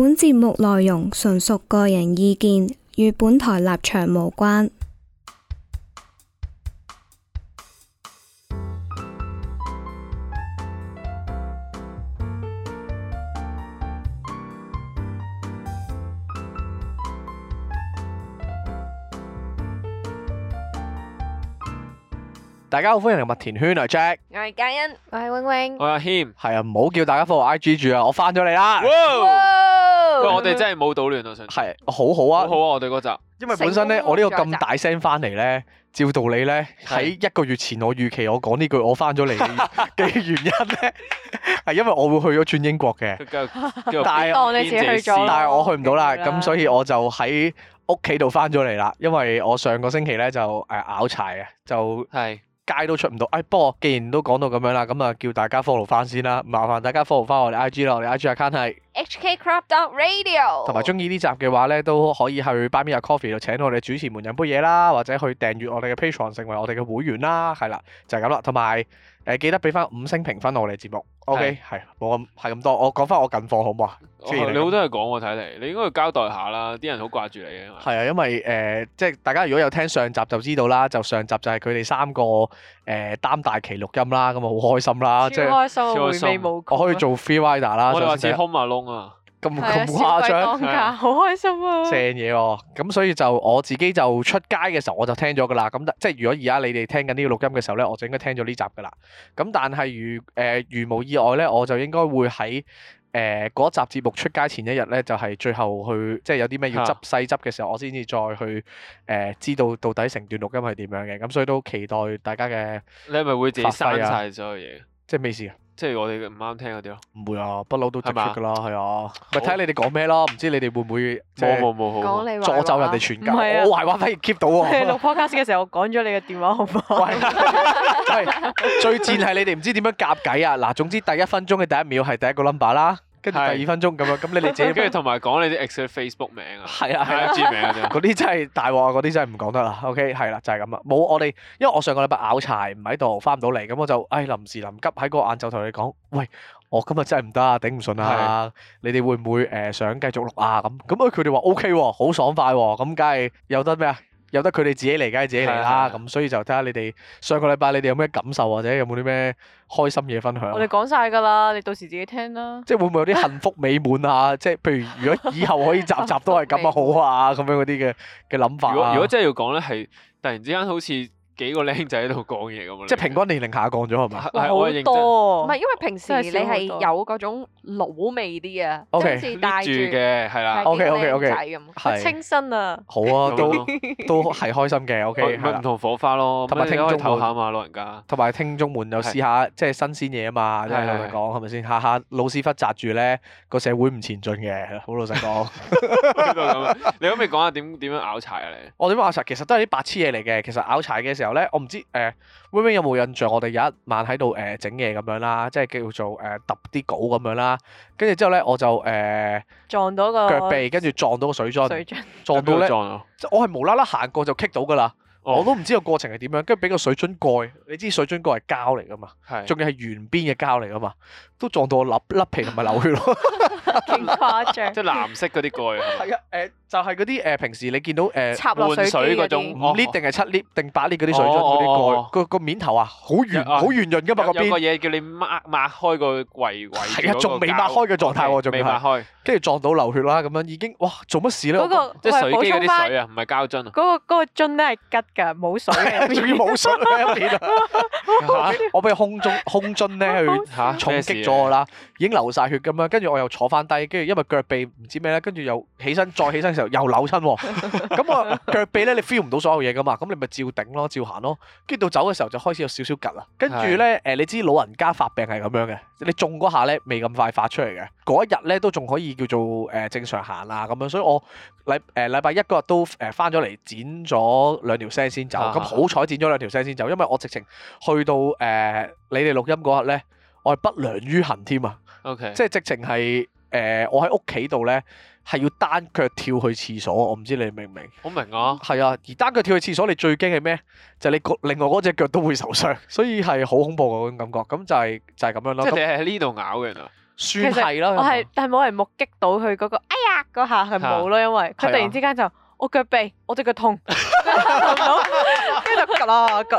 本節目內容純屬個人意見，與本台立場無關。大家好，歡迎嚟麥田圈，我係 Jack，我係嘉欣，我係 Wing Wing，我係阿 Him。係啊，唔好叫大家 follow IG 住啊，我翻咗嚟啦。不過，我哋真係冇搗亂到。上係，好好啊，好啊，我哋嗰集，因為本身咧，我呢個咁大聲返嚟咧，照道理咧，喺是一個月前我預期我講呢句我返咗嚟嘅原因咧，係 因為我會去咗轉英國嘅， 但係我自己去咗，但係我去唔到啦，咁、嗯、所以我就喺屋企度返咗嚟啦，因為我上個星期咧就誒拗柴啊，就係。街都出唔到，唉、哎，不過既然都講到咁樣啦，咁啊叫大家 follow 翻先啦，麻煩大家 follow 翻我哋 I G 啦，我哋 I G account 係 HK Crop Radio，同埋中意呢集嘅話咧都可以去 Buy Me Coffee 度請我哋主持們飲杯嘢啦，或者去訂閱我哋嘅 Patreon 成為我哋嘅會員啦，係啦就係、是、咁啦，同埋。誒、呃、記得俾翻五星評分我哋節目是，OK 係冇咁係咁多，我講翻我近況好唔好啊？你好多嘢講我睇嚟你應該要交代下啦，啲人好掛住你嘅嘛。係啊，因為誒、呃，即係大家如果有聽上集就知道啦，就上集就係佢哋三個誒擔、呃、大旗錄音啦，咁啊好開心啦，即係是。我可以做 free rider 啦，可以好似 home alone 啊。先咁咁誇張，係啊！好開心啊！正嘢喎、啊，咁所以就我自己就出街嘅時候我就聽咗㗎喇。咁即係如果而家你哋聽緊呢個錄音嘅時候咧，我就應該聽咗呢集㗎喇。咁但係如誒、呃、如無意外咧，我就應該會喺誒嗰集節目出街前一日咧，就係、是、最後去即係有啲咩要執細執嘅時候，我先至再去誒、呃、知道到底成段錄音係點樣嘅。咁所以都期待大家嘅。你係咪會自己刪曬所有嘢？即係咩事啊？即係我哋唔啱聽嗰啲咯，唔會啊，不嬲都突出噶啦，係吧啊，咪睇好 你哋講咩咯，唔知你哋會唔會即係講你好。你阻走人哋全教，我話話反而 keep 到喎。錄 podcast 嘅時候我講咗你嘅電話唔好？係最賤係你哋唔知點樣夾計啊！嗱，總之第一分鐘嘅第一秒係第一個 number 啦。跟住第二分鐘咁樣，咁你哋自己跟住同埋講你啲 Excel Facebook 名啊，係啊，係啊，IG 名啊，嗰啲真係大鑊啊，嗰啲真係唔講得啦。OK，係啦，就係咁啦。冇我哋，因為我上個禮拜拗柴唔喺度，翻唔到嚟，咁我就唉，臨時臨急喺嗰個晏晝同你講，喂，我今日真係唔得，啊，頂唔順啊，你哋會唔會誒想繼續錄啊？咁咁佢哋話 OK 喎，好爽快喎、啊，咁梗係有得咩啊？由得佢哋自己嚟，梗係自己嚟啦。咁的所以就睇下你哋上個禮拜你哋有咩感受，或者有冇啲咩開心嘢？分享。我哋講晒噶啦，你到時自己聽啦。即係會唔會有啲幸福美滿啊？ 即係譬如如果以後可以集集都係咁啊，好啊，咁 樣嗰啲嘅嘅諗法、啊如。如果真係要講咧，係突然之間好似。幾個靚仔喺度講嘢咁，即係平均年齡下降咗係嘛？係好多，唔係因為平時你係有嗰種老味啲嘅，即係帶住嘅係啦。OK OK OK，咁清新啊！好啊，都都係開心嘅 OK，唔同火花咯，同埋聽眾唞下嘛老人家，同埋聽眾們又試下即係新鮮嘢啊嘛，即係老實講係咪先？下下老屎忽擲住咧，個社會唔前進嘅，好老實講。知道咁啊？你可唔可以講下點點樣拗柴啊？你我點樣拗柴？其實都係啲白痴嘢嚟嘅。其實拗柴嘅時候。咧，我唔知，誒 Wing 有冇印象？我哋有一晚喺度，誒、呃，整嘢咁樣啦，即係叫做，誒、呃，揼啲稿咁樣啦。跟住之後咧，我就，誒、呃，撞到個腳臂，跟住撞到個水樽，水泡撞到咧，即係到我係無啦啦行過就棘到噶啦。我都唔知個過程係點樣，跟住俾個水樽蓋，你知水樽蓋係膠嚟噶嘛？係的，仲要係圓邊嘅膠嚟噶嘛？都撞到我粒粒皮同埋流血囉。 勁誇張！即係藍色嗰啲蓋啊！係啊，誒就係嗰啲誒，平時你見到誒換水嗰種五 L 定係七 L 定八 L 嗰啲水樽嗰啲蓋，個個面頭啊，好圓好圓潤㗎嘛，個邊有個嘢叫你抹抹開個櫃位。係啊，仲未抹開嘅狀態喎，仲未抹開，跟住撞到流血啦咁樣，已經哇做乜事咧？嗰個即係水機啲水啊，唔係膠樽啊！嗰個嗰個樽咧係吉㗎，冇水嘅，仲要冇水啊！我俾個空中空樽咧去重擊咗我啦，已經流曬血咁樣，跟住我又坐翻。慢低，跟住因為腳痹唔知咩咧，跟住又起身再起身嘅時候又扭親，咁我、 嗯、腳痹咧你 feel 唔到所有嘢噶嘛，咁你咪照頂咯，照行咯，跟住到走嘅時候就開始有少少趌啦，跟住咧誒你知老人家發病係咁樣嘅，你中嗰下咧未咁快發出嚟嘅，嗰一日咧都仲可以叫做誒、呃、正常行啊咁樣，所以我禮誒禮拜一嗰日都誒返咗嚟剪咗兩條聲先走，咁、啊、好彩剪咗兩條聲先走，因為我直情去到誒、呃、你哋錄音嗰刻咧，我係不良於行添啊，Okay. 即係直情係。誒、呃，我喺屋企度咧，係要單腳跳去廁所，我唔知你明唔明？好明啊！係啊，而單腳跳去廁所，你最驚係咩？就是，你另外嗰隻腳都會受傷，所以係好恐怖嗰種感覺。咁就係、是、就係、是、咁樣咯。即係喺呢度咬嘅，算係啦。我係但係冇人目擊到佢嗰個哎呀嗰下係冇咯，因為佢突然之間就、啊、我腳背，我隻腳痛。 一割啦， 啊，就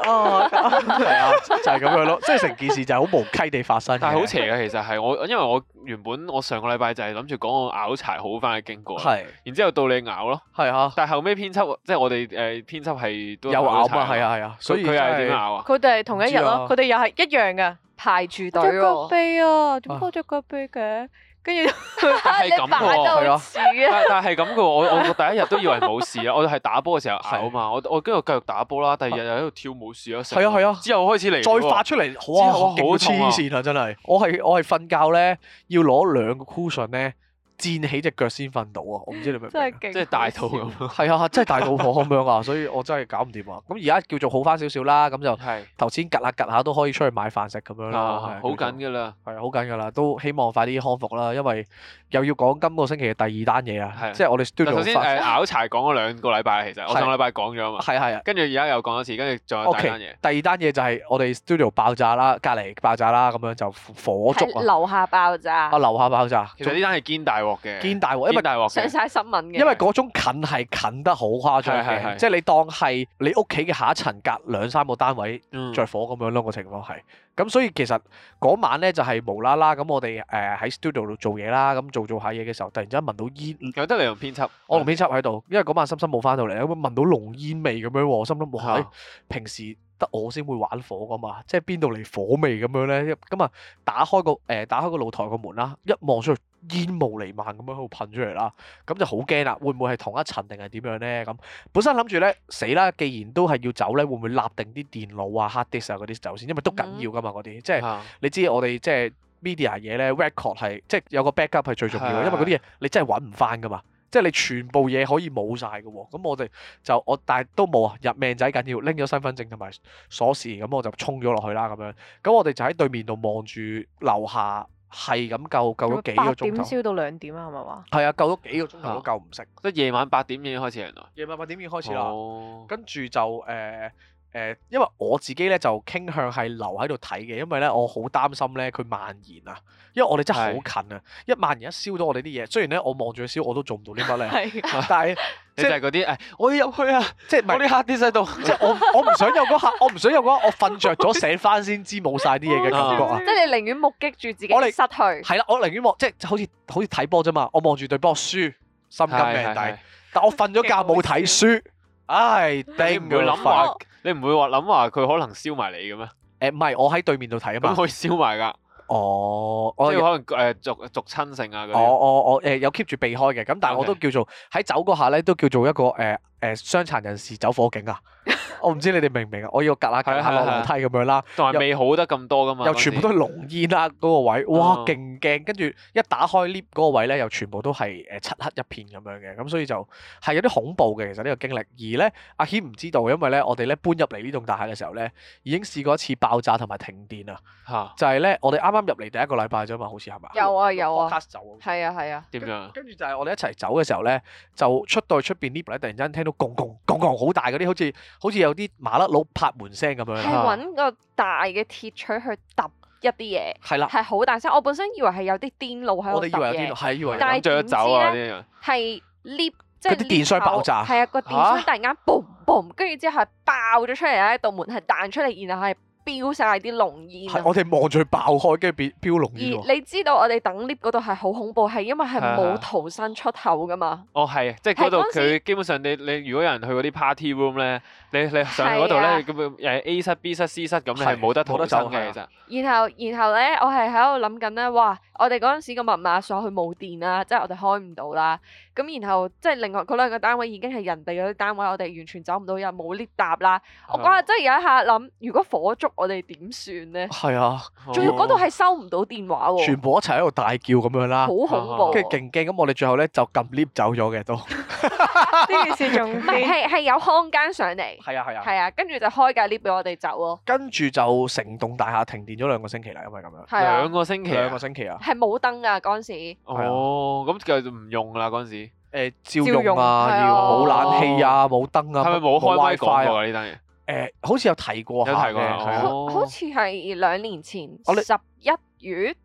係咁樣咯，即係成件事就係好無稽地發生。但係好邪嘅，其實係我，因為我原本我上個禮拜就係諗住講我拗柴好返嘅經過。係是，然之後到你拗咯。係啊，但係後尾編輯，即係我哋誒、呃、編輯係都拗有拗啊。係啊係啊，所以佢係佢哋係同一日咯，佢哋又係一樣嘅排住隊。隻腳臂啊，點解隻腳臂嘅？跟住佢係咁喎，係 啊！但但係咁嘅喎， 我我第一日都以為冇事啊！我係打波嘅時候捱啊嘛，我我跟住繼續打波啦，第二日又喺度跳舞，試咗成。係啊係啊，啊之後開始嚟，再發出嚟，好啊，之後好黐線啊！啊真係，我係我係瞓覺咧，要攞兩個 cushion 咧。站起隻腳先瞓到啊！我唔知你，咪即係大肚咁樣，係啊，真係大肚婆咁樣啊！所以我真係搞唔掂啊！咁而家叫做好返少少啦，咁就係頭先趌下趌下都可以出去買飯食咁樣啦，好緊㗎啦，係好緊㗎啦，都希望快啲康復啦，因為又要講今個星期嘅第二單嘢啊。即係我哋 studio 先拗柴講咗兩個禮拜，其實我上禮拜講咗啊嘛，係係，跟住而家又講一次，跟住仲有第二單嘢，第二單嘢就係我哋 studio 爆炸啦，隔離爆炸啦，咁樣就火燭啊，樓下爆炸啊，樓下爆炸，其實呢單係堅大見大鑊，因為大鑊，上晒新聞嘅，因為嗰種近係近得好誇張嘅，即係你當係你屋企嘅下一層隔兩三個單位着火咁樣咯，個情況係。咁所以其實嗰晚咧就係無啦啦咁，我哋誒喺 studio 度做嘢啦，咁做做下嘢嘅時候，突然之間聞到煙。有得你同編輯，我同編輯喺度，因為嗰晚深深冇返到嚟，咁聞到濃煙味咁樣，心諗冇喺。平時得我先會玩火噶嘛，即係邊度嚟火味咁樣咧？咁啊，打開個誒，打開個露台個門啦，一望出。煙霧瀰漫咁樣喺度噴出嚟啦，咁就好驚啦！會唔會係同一層定係點樣呢？咁本身諗住呢，死啦，既然都係要走呢，會唔會立定啲電腦啊、hard disk 啊嗰啲走先？因為都緊要噶嘛嗰啲，即係你知我哋即係 media 嘢呢 record 係，即係有個 backup 係最重要，嗯、因為嗰啲嘢你真係揾唔翻噶嘛，即係你全部嘢可以冇晒嘅喎。咁我哋就我但係都冇啊，入命仔緊要拎咗身份證同埋鎖匙，咁我就衝咗落去啦咁樣。咁我哋就喺對面度望住樓下。係咁，救救咗幾個鐘頭。八點燒到兩點，是是啊，係咪話？係啊，救咗幾個鐘頭都救唔熄。即係夜晚八點已經開始人啦。夜晚八點已經開始啦。哦、跟住就誒。呃誒，因為我自己咧就傾向係留喺度睇嘅，因為咧我好擔心咧佢蔓延啊，因為我哋真係好近啊，一蔓延一燒到我哋啲嘢，雖然咧我望住佢燒，我都做唔到啲乜咧。但係即係嗰啲誒，我要入去啊，即係我呢刻意識到，即係我我唔想入嗰刻，我唔想入嗰，我瞓着咗醒翻，先知冇晒啲嘢嘅感覺啊。即係你寧願目擊住自己我哋失去。係啦，我寧願望即係好似好似睇波啫嘛，我望住隊波輸，心甘命抵，但我瞓咗覺冇睇書，唉，頂唔住諗。你唔會話諗話佢可能燒埋你嘅咩？誒、呃，唔係，我喺對面度睇啊嘛，可以燒埋噶。哦，即係可能誒，逐逐親性啊。我我我誒，有 keep 住避開嘅。咁，但係我都叫做喺、嗯、走嗰下咧，都叫做一個誒誒傷殘人士走火警啊。 我唔知你哋明唔明啊！我要一格下格下落樓梯咁樣啦，是是是未好得咁多噶嘛，又全部都係濃煙啦嗰個位，哇勁驚！跟住一打開 lift 嗰個位咧，又全部都係誒漆黑一片咁樣嘅，咁所以就係有啲恐怖嘅。其實呢個經歷，而咧阿 Him 唔知道，因為咧我哋咧搬入嚟呢棟大廈嘅時候咧，已經試過一次爆炸同埋停電啊！嚇、uh，huh. 就係咧我哋啱啱入嚟第一個禮拜啫嘛，好似係咪？有啊有啊走啊，啊係啊，點、啊啊啊、樣、啊？跟住就係我哋一齊走嘅時候咧，就出到去出邊 lift 突然間聽到轟轟轟轟好大嗰啲好似～好似有啲麻甩佬拍門聲咁樣，係揾個大嘅鐵錘去揼一啲嘢，係啦，係好大聲。我本身以為係有啲電路喺度，我哋以為係斷咗走啊啲嘢。係 lift，即係電箱、就是、爆炸。係啊，個電箱突然間 boom boom，跟住之後爆咗出嚟啊！一棟門係彈出嚟，然後係。燒晒啲濃煙，係我哋望住佢爆開，跟住變飄濃煙。而你知道我哋等 lift 嗰度係好恐怖，係因為係冇逃生出口噶嘛。哦，係，即係嗰度佢基本上你你如果有人去嗰啲 party room 咧，你你上去嗰度咧，咁樣誒 A 室 B 室 C 室咁係冇得逃得走嘅啫。然後然後咧，我係喺度諗緊咧，哇！我哋嗰陣時個密碼鎖去冇電啦，即係我哋開唔到啦。咁然後即係另外嗰兩個單位已經係人哋嗰啲單位，我哋完全走唔到又，冇 lift 搭啦。的我嗰下即係有一下諗，如果火燭。我哋點算咧？係啊，仲要嗰度係收唔到電話喎。全部一齊喺度大叫咁樣啦，好恐怖，跟住勁驚。咁我哋最後咧就撳 lift 走咗嘅都。呢件事仲係係有空間上嚟。係啊係啊。係啊，跟住就開架 lift 俾我哋走咯。跟住就成棟大廈停電咗兩個星期啦，因為咁樣。兩個星期，兩個星期啊。係冇燈㗎嗰陣時。哦，咁就唔用啦嗰陣時。誒，照用啊，要冇冷氣啊，冇燈啊，係咪冇開 WiFi 啊？呢單嘢。誒、欸，好似有提過吓，有提過吓，好似係兩年前十一月。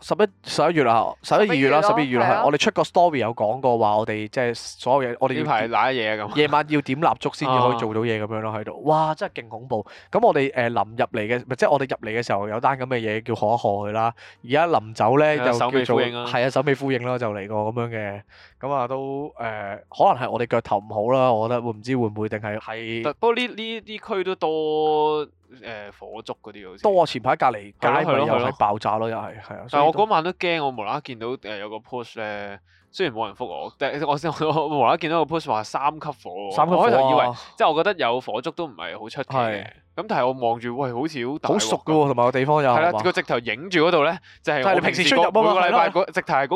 十一十一月，月，月啊，十一二月啦，十二月啦，我哋出個 story 有講過話，我哋即係所有嘢，我哋呢排哪嘢咁？夜晚要點蠟燭先至可以做到嘢咁、啊、樣咯，喺度，哇，真係勁恐怖！咁我哋誒臨入嚟嘅，唔即係我哋入嚟嘅時候有單咁嘅嘢叫嚇一嚇佢啦。而家臨走咧的就叫做「係啊，首尾、啊、呼應啦，就嚟過咁樣嘅，咁啊都誒，可能係我哋腳頭唔好啦，我覺得會唔知會唔會定係係，不過呢呢啲區都多。誒、呃、火燭嗰啲好似多了，前排隔離街嗰度又係爆炸咯，了又係係啊！了以但係我嗰晚都驚，我無啦啦見到誒、呃、有個 push 咧，雖然冇人覆我，但係我先我無啦啦見到個 push 話三級火喎，三級火啊、我開頭以為即係我覺得有火燭都唔係好出奇嘅。咁但係我望住，喂，好似好熟㗎喎，同埋個地方又，係啦。個直頭影住嗰度咧，就係我平時出入每個禮拜直頭係嗰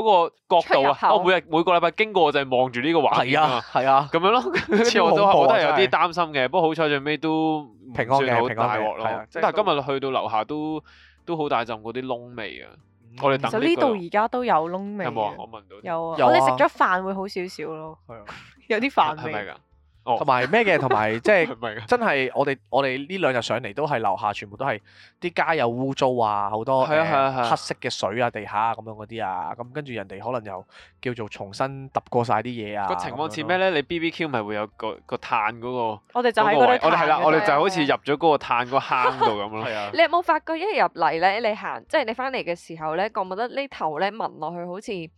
個角度啊。我每日每個禮拜經過就係望住呢個畫面啊，係啊，咁樣咯。超恐怖，我都係有啲擔心嘅。不過好彩最尾都平安嘅，平安冇大鑊咯。但係今日去到樓下都都好大陣嗰啲燶味啊。我哋等呢度而家都有燶味。有冇啊？我聞到。有啊。我哋食咗飯會好少少咯。係啊。有啲飯味係咪噶？同埋咩嘅，同埋即係真係我哋 我哋呢兩日上嚟都係樓下全部都係啲街有污糟啊，好多係啊係啊係、呃、黑色嘅水啊，地下啊咁樣嗰啲啊，咁跟住人哋可能又叫做重新揼過晒啲嘢啊。個情況似咩咧？你 B B Q 咪會有個個炭嗰、嗰個，我哋就喺嗰個，我哋係啦，我哋就好似入咗嗰個炭嗰坑度咁咯，係啊，你有冇發覺一入嚟咧，你行即係你翻嚟嘅時候咧，覺唔覺得呢頭咧聞落去好似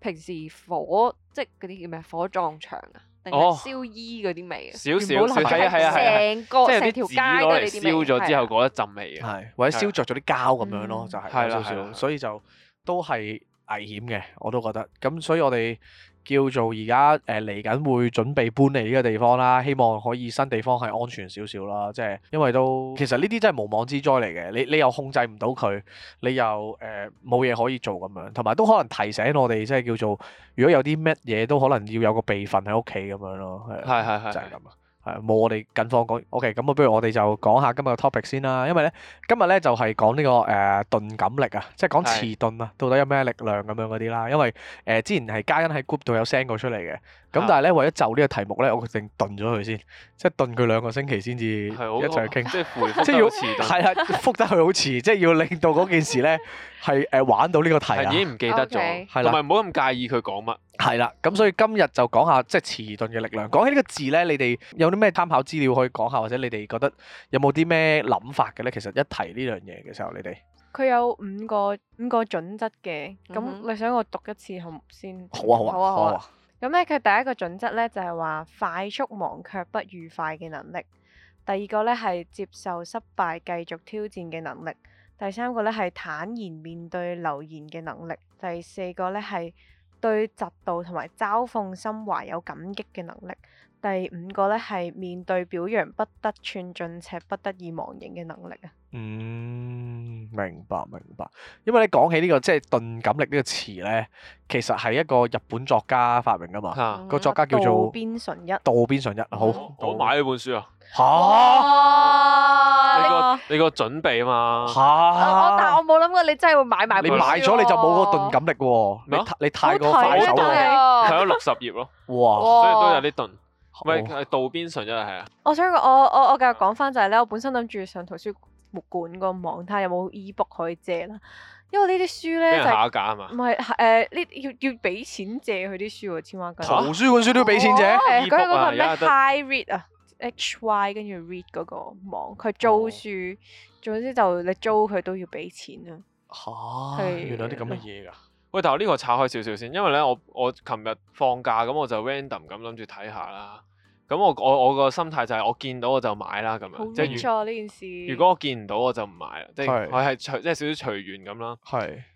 平時火即係嗰啲叫咩火葬場啊？哦，燒衣嗰啲味啊少，少少，係啊係啊係，成個即係啲紙攞嚟燒咗之後嗰一陣味啊，啊味或者燒着咗啲膠咁、嗯、樣咯，就係、係啊、少少，啊啊、所以就都係危險嘅，我都覺得。咁所以我哋。叫做而家誒嚟緊會準備搬嚟呢個地方啦，希望可以新地方係安全少少啦，即係因為都其實呢啲真係無妄之災嚟嘅，你你又控制唔到佢，你又誒冇嘢可以做咁樣，同埋都可能提醒我哋，即係叫做如果有啲咩嘢都可能要有個備份喺屋企咁樣咯，係係係就係咁啊。是是是是。係冇我哋近況講，OK，咁啊，不如我哋就講下今日嘅 topic 先啦。因為咧，今日咧就係講呢個誒鈍、呃、感力啊，即係講遲鈍啊，到底有咩力量咁樣嗰啲啦。因為誒、呃、之前係嘉欣喺 group 度有 send 過出嚟嘅。咁但係咧，為咗就呢個題目咧，我決定燉咗佢先，即係燉佢兩個星期先至一齊傾，即係回覆，即係要係啊，覆得佢好遲，即係要令到嗰件事咧係誒玩到呢個題，已經唔記得咗，係啦，唔係唔好咁介意佢講乜，係啦。咁所以今日就講下即係遲鈍嘅力量。講起呢個字咧，你哋有啲咩參考資料可以講下，或者你哋覺得有冇啲咩諗法嘅咧？其實一提呢樣嘢嘅時候，你哋佢有五個五個準則嘅，咁你想我讀一次好先？好啊，好啊，好啊。咁咧，佢第一個準則咧就係話快速忘卻不愉快嘅能力；第二個咧係接受失敗繼續挑戰嘅能力；第三個咧係坦然面對流言嘅能力；第四個咧係對嫉妒同埋嘲諷心懷有感激嘅能力；第五個咧係面對表揚不得寸進尺不得意忘形嘅能力啊！嗯，明白明白，因為你講起呢個即係鈍感力呢個詞咧，其實係一個日本作家發明噶嘛，個作家叫做渡邊淳一。渡邊淳一，好，我買呢本書啊，吓，你個你個準備啊嘛，但係我冇諗過你真係會買埋本書。你買咗你就冇個鈍感力喎，你太過快手喎，睇咗六十頁咯，哇，所以都有啲鈍。喂，渡邊淳一係啊？我想我我我繼續講翻就係咧，我本身諗住上圖書館。木管個網睇下有冇 ebook 可以借啦，因為呢啲書咧，因為下架啊嘛，唔係誒，呢要要俾錢借佢啲書喎，千萬唔好圖書館書都要俾錢借。而家嗰咩 high read 啊，h y 跟住 read 嗰個網，佢租書，總之就你租佢都要俾錢啊。嚇，原來啲咁嘅嘢㗎，喂！但係我呢個拆開少少先，因為咧我我琴日放假咁，我就 random 咁諗住睇下啦。咁我我我個心態就係我見到我就買啦咁樣，即係是如果我見唔到我就唔買，是即係我係隨即少少隨緣咁啦。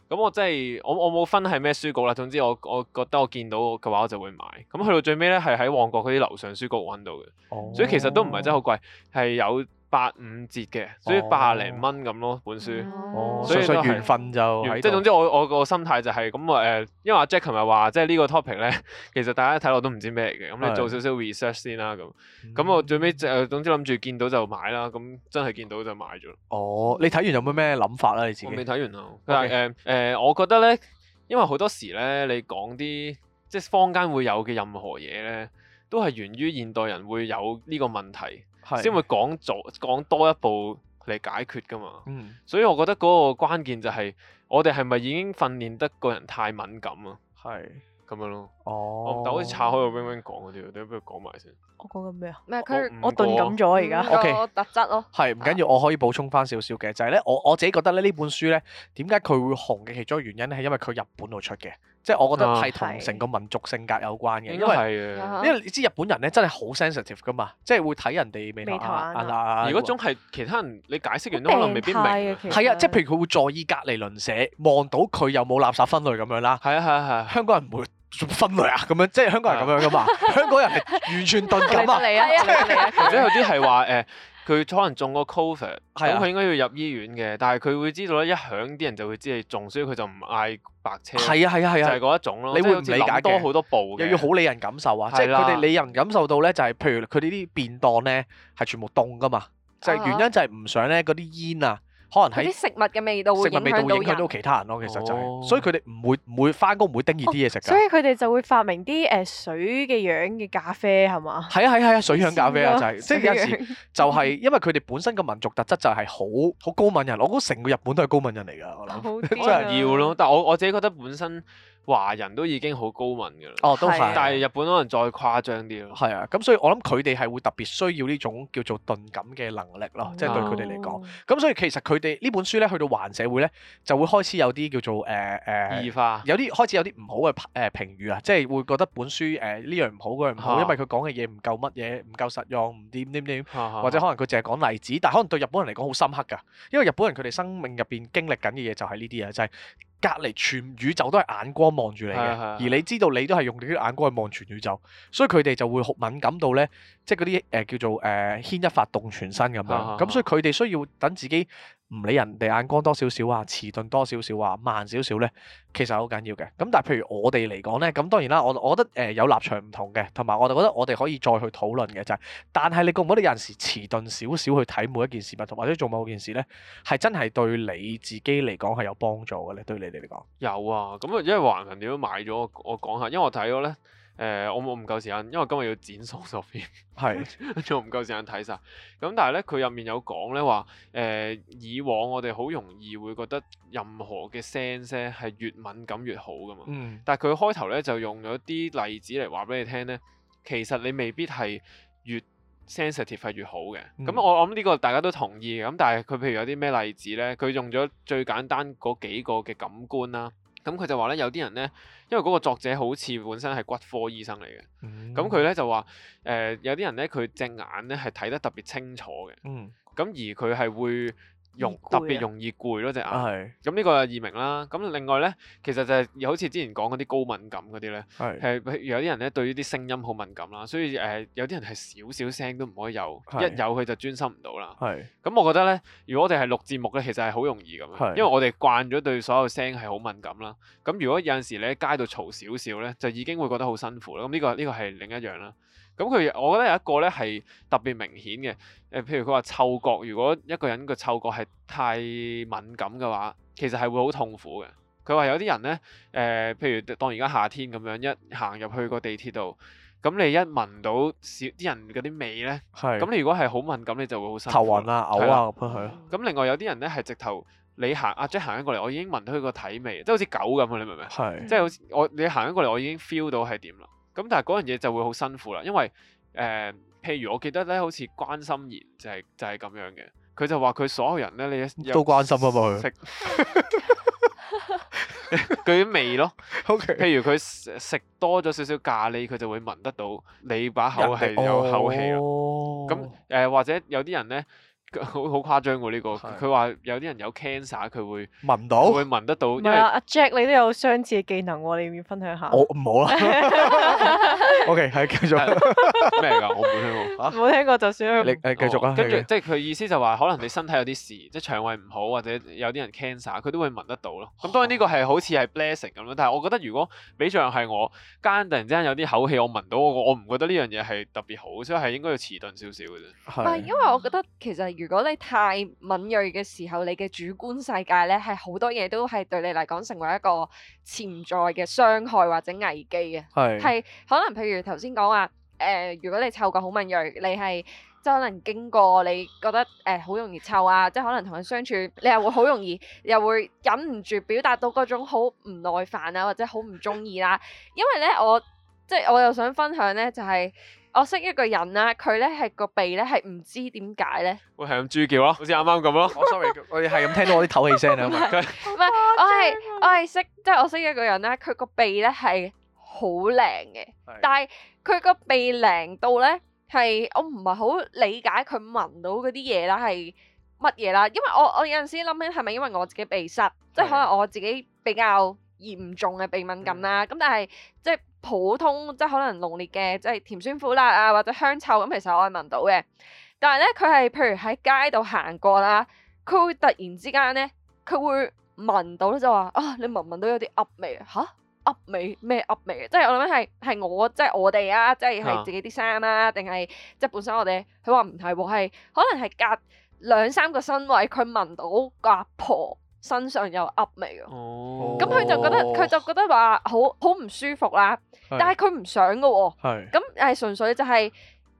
咁我即係我我冇分係咩書局啦，總之我我覺得我見到嘅話我就會買。咁去到最尾咧係喺旺角嗰啲樓上書局揾到嘅。哦、所以其實都唔係真係好貴，係有，八五折嘅，哦、所以八廿零蚊咁咯，本書，哦、所以都緣分緣就，即係總之我我個心態就係咁誒，因為阿 Jack 琴日話，即係呢個 topic 咧，其實大家一睇落都唔知咩嘅。咁你的做少少 research 先啦，咁咁、嗯、我最尾就總之諗住見到就買啦。咁真係見到就買咗。哦，你睇完有冇咩諗法啊？你自己未睇完啊？但係誒誒，我覺得咧，因為好多時咧，你講啲即係坊間會有嘅任何嘢咧，都係源於現代人會有呢個問題。先是會講多一步嚟解決㗎嘛，嗯、所以我覺得嗰個關鍵就係、是、我哋係咪已經訓練得個人太敏感啊？係咁是樣咯。哦。好似拆開個 Wing Wing 講嗰啲，你不如講埋先。我講緊咩啊？咩？佢我，我頓感咗而家。O Okay . K，我特質咯。係唔緊要，我可以補充翻少少嘅，就係、是、咧，我我自己覺得咧呢本書咧，點解佢會紅嘅其中一個原因咧，係因為佢日本度出嘅，即、就、係、是、我覺得係同成個民族性格有關嘅，啊、因為因為的你知日本人咧真係好 sensitive 噶嘛，即係會睇人哋眉頭啊嗱，啊啊啊而嗰種係其他人你解釋完都可能未必明，係啊，即係譬如佢會在意隔離鄰舍，望到佢有冇垃圾分類咁樣啦。係啊係啊係，啊啊香港人唔會。分類啊，咁樣即係香港人咁樣噶嘛。 香港人完全鈍感啊。嚟啊嚟啊，或者有啲係話誒，佢、呃、可能中個 Covid，係咁佢應該要入醫院嘅，但係佢會知道咧，一響啲人就會知係中，所以佢就唔嗌白車。係啊係啊係啊，啊啊就係嗰一種咯。你會理解多好多步，又要好理人感受啊，即係佢哋理人感受到咧，就係、是、譬如佢呢啲便當咧係全部凍噶嘛，就係、是、原因就係唔想咧嗰啲煙啊。可能係啲食物嘅味道會，食物味道影響到其他人咯、啊，其實就係、是哦哦，所以佢哋唔會唔會返工唔會叮熱啲嘢食㗎。所以佢哋就會發明啲誒、呃、水嘅樣嘅咖啡係嘛？係啊係啊啊，水樣咖啡啊就係、是，即係有時就係、是就是、因為佢哋本身嘅民族特質就係好好高敏人，我覺得成個日本都係高敏人嚟㗎，我諗、啊、 真係要咯。但係我我自己覺得本身。華人都已經好高敏噶啦，哦，都 係樂，但係日本可能再誇張啲咯，係 啊樂，咁所以我諗佢哋係會特別需要呢種叫做鈍感嘅能力咯，即係對佢哋嚟講，咁、oh. 啊啊、所以其實佢哋呢本書咧去到環社會咧就會開始有啲叫做誒誒、uh, uh, 異化，有啲開始有啲唔好嘅誒評語啊，即係會覺得本書誒呢樣唔好嗰樣唔好，啊、因為佢講嘅嘢唔夠乜嘢，唔夠實用，唔掂點點或者可能佢淨係講例子，但係可能對日本人嚟講好深刻噶，因為日本人佢哋生命入邊經歷緊嘅嘢就係呢啲啊，就係。隔離全宇宙都係眼光望住你嘅，係係係，而你知道你都係用你啲眼光去望全宇宙，所以佢哋就會好敏感到呢，即係嗰啲誒叫做誒牽、呃、一發動全身咁樣，咁係所以佢哋需要等自己。唔理人哋眼光多少少啊，遲鈍多少少啊，慢少少咧，其實好緊要嘅。咁但係譬如我哋嚟講咧，咁當然啦，我我覺得誒有立場唔同嘅，同埋我哋覺得我哋可以再去討論嘅就係，但係你覺唔覺得有陣時遲鈍少少去睇每一件事物，同或者做某件事咧，係真係對你自己嚟講係有幫助嘅咧？對你哋嚟講，有啊，咁啊，因為橫行點樣買咗，我我講下，因為我睇咗咧。誒、呃，我冇唔夠時間，因為今日要剪數十片，係仲唔夠時間睇晒。咁但係咧，佢入面有講咧話，誒、呃、以往我哋好容易會覺得任何嘅 sense 係越敏感越好㗎嘛。嗯、但係佢開頭咧就用咗啲例子嚟話俾你聽咧，其實你未必係越 sensitive 係越好嘅。咁、嗯、我我諗呢個大家都同意嘅。咁但係佢譬如有啲咩例子咧，佢用咗最簡單嗰幾個嘅感官啦、啊。咁佢就話咧，有啲人咧，因為嗰個作者好似本身係骨科醫生嚟嘅，咁佢咧就話，誒、呃、有啲人咧，佢隻眼咧係睇得特別清楚嘅，咁、嗯、而佢係會。容特別容易攰咯隻眼，咁呢、啊嗯這個又耳鳴啦。咁、嗯、另外咧，其實就係好似之前講嗰啲高敏感嗰啲咧，係是有啲人咧對啲聲音好敏感啦，所以誒、呃、有啲人係少少聲都唔可以有，是一有佢就專心唔到啦。咁是、嗯、我覺得咧，如果我哋係錄節目咧，其實係好容易咁樣，是因為我哋慣咗對所有聲係好敏感啦。咁、嗯、如果有陣時你喺街度嘈少少咧，就已經會覺得好辛苦啦。咁、嗯、呢、這個呢、這個係、這個、另一樣啦。咁佢、嗯，我覺得有一個咧係特別明顯嘅，誒、呃，譬如佢話嗅覺，如果一個人個嗅覺係太敏感嘅話，其實係會好痛苦嘅。佢話有啲人咧，誒、呃，譬如當而家夏天咁樣，一行入去個地鐵度，咁你一聞到少啲人嗰啲味咧，係是，咁你如果係好敏感，你就會好頭暈啦、啊、嘔、呃、啊咁的、嗯嗯、另外有啲人咧係直頭，你行阿 Jack 行緊過嚟，我已經聞到佢個體味，即係好似狗咁啊！你明唔明？係是，即係好似我你行緊過嚟，我已經 feel 到係點啦。咁但係嗰樣嘢就會好辛苦啦，因為誒、呃，譬如我記得咧，好似關心妍就係、是、就係、是、咁樣嘅，佢就話佢所有人咧，你都關心啊嘛佢，佢啲味咯 Okay. 譬如佢食多咗少少咖喱，佢就會聞得到你把口係有口氣啦，咁誒、哦呃、或者有啲人咧。好好誇張喎呢個，佢話有啲人有 cancer 佢會聞到，會聞得到。係啊，阿 Jack 你都有相似嘅技能喎，你要唔要分享下？我唔好啦。OK，係繼續咩㗎？我冇聽過。冇聽過就算。你誒繼續啊，跟住即係佢意思就話，可能你身體有啲事，即係腸胃唔好或者有啲人 cancer，佢都會聞得到咯。咁當然呢個係好似係 blessing 咁樣，但係我覺得如果比像係我間突然之間有啲口氣，我聞到我我唔覺得呢樣嘢係特別好，所以係應該要遲鈍少少嘅啫。係。但係因為我覺得其實。如果你太敏銳嘅時候，你嘅主觀世界咧，係好多嘢都係對你嚟講成為一個潛在嘅傷害或者危機嘅。係是，係可能譬如頭先講話，誒、呃，如果你嗅覺好敏銳，你係即係可能經過你覺得誒好、呃、容易臭啊，即係可能同佢相處，你又會好容易，又會忍唔住表達到嗰種好唔耐煩啊，或者好唔中意啦。因為咧，我即係我又想分享咧，就係、是。我識一個人啦，佢咧係個鼻咧係唔知點解咧，會係咁豬叫咯，好似啱啱咁咯。我 sorry， 我係咁聽到我啲唞氣聲啊嘛。唔係，我係我係識，即係 我，識、就是、我識一個人啦。佢個鼻咧係好靈嘅，的但係佢個鼻靈到咧係我唔係好理解佢聞到嗰啲嘢啦係乜嘢啦，因為我我有陣時諗緊係咪因為我自己鼻塞，的即係可能我自己比較嚴重嘅鼻敏感啦。咁、嗯、但係即係。普通即係可能濃烈嘅，即係甜酸苦辣啊，或者香臭咁，其實我係聞到嘅。但係咧，佢係譬如喺街度行過啦，佢會突然之間咧，佢會聞到咧就話啊，你聞唔聞到有啲噏味啊？嚇，噏味咩噏味？即係我諗係係我即係、就是、我哋啊，即係係自己啲衫啊，定係即係本身我哋？佢話唔係喎，係可能係隔兩三個身位佢聞到個阿婆。身上有噏味嘅，咁佢、哦嗯、就覺得佢就覺得話好好唔舒服啦。是但係佢唔想嘅喎、喔，咁係是純粹就係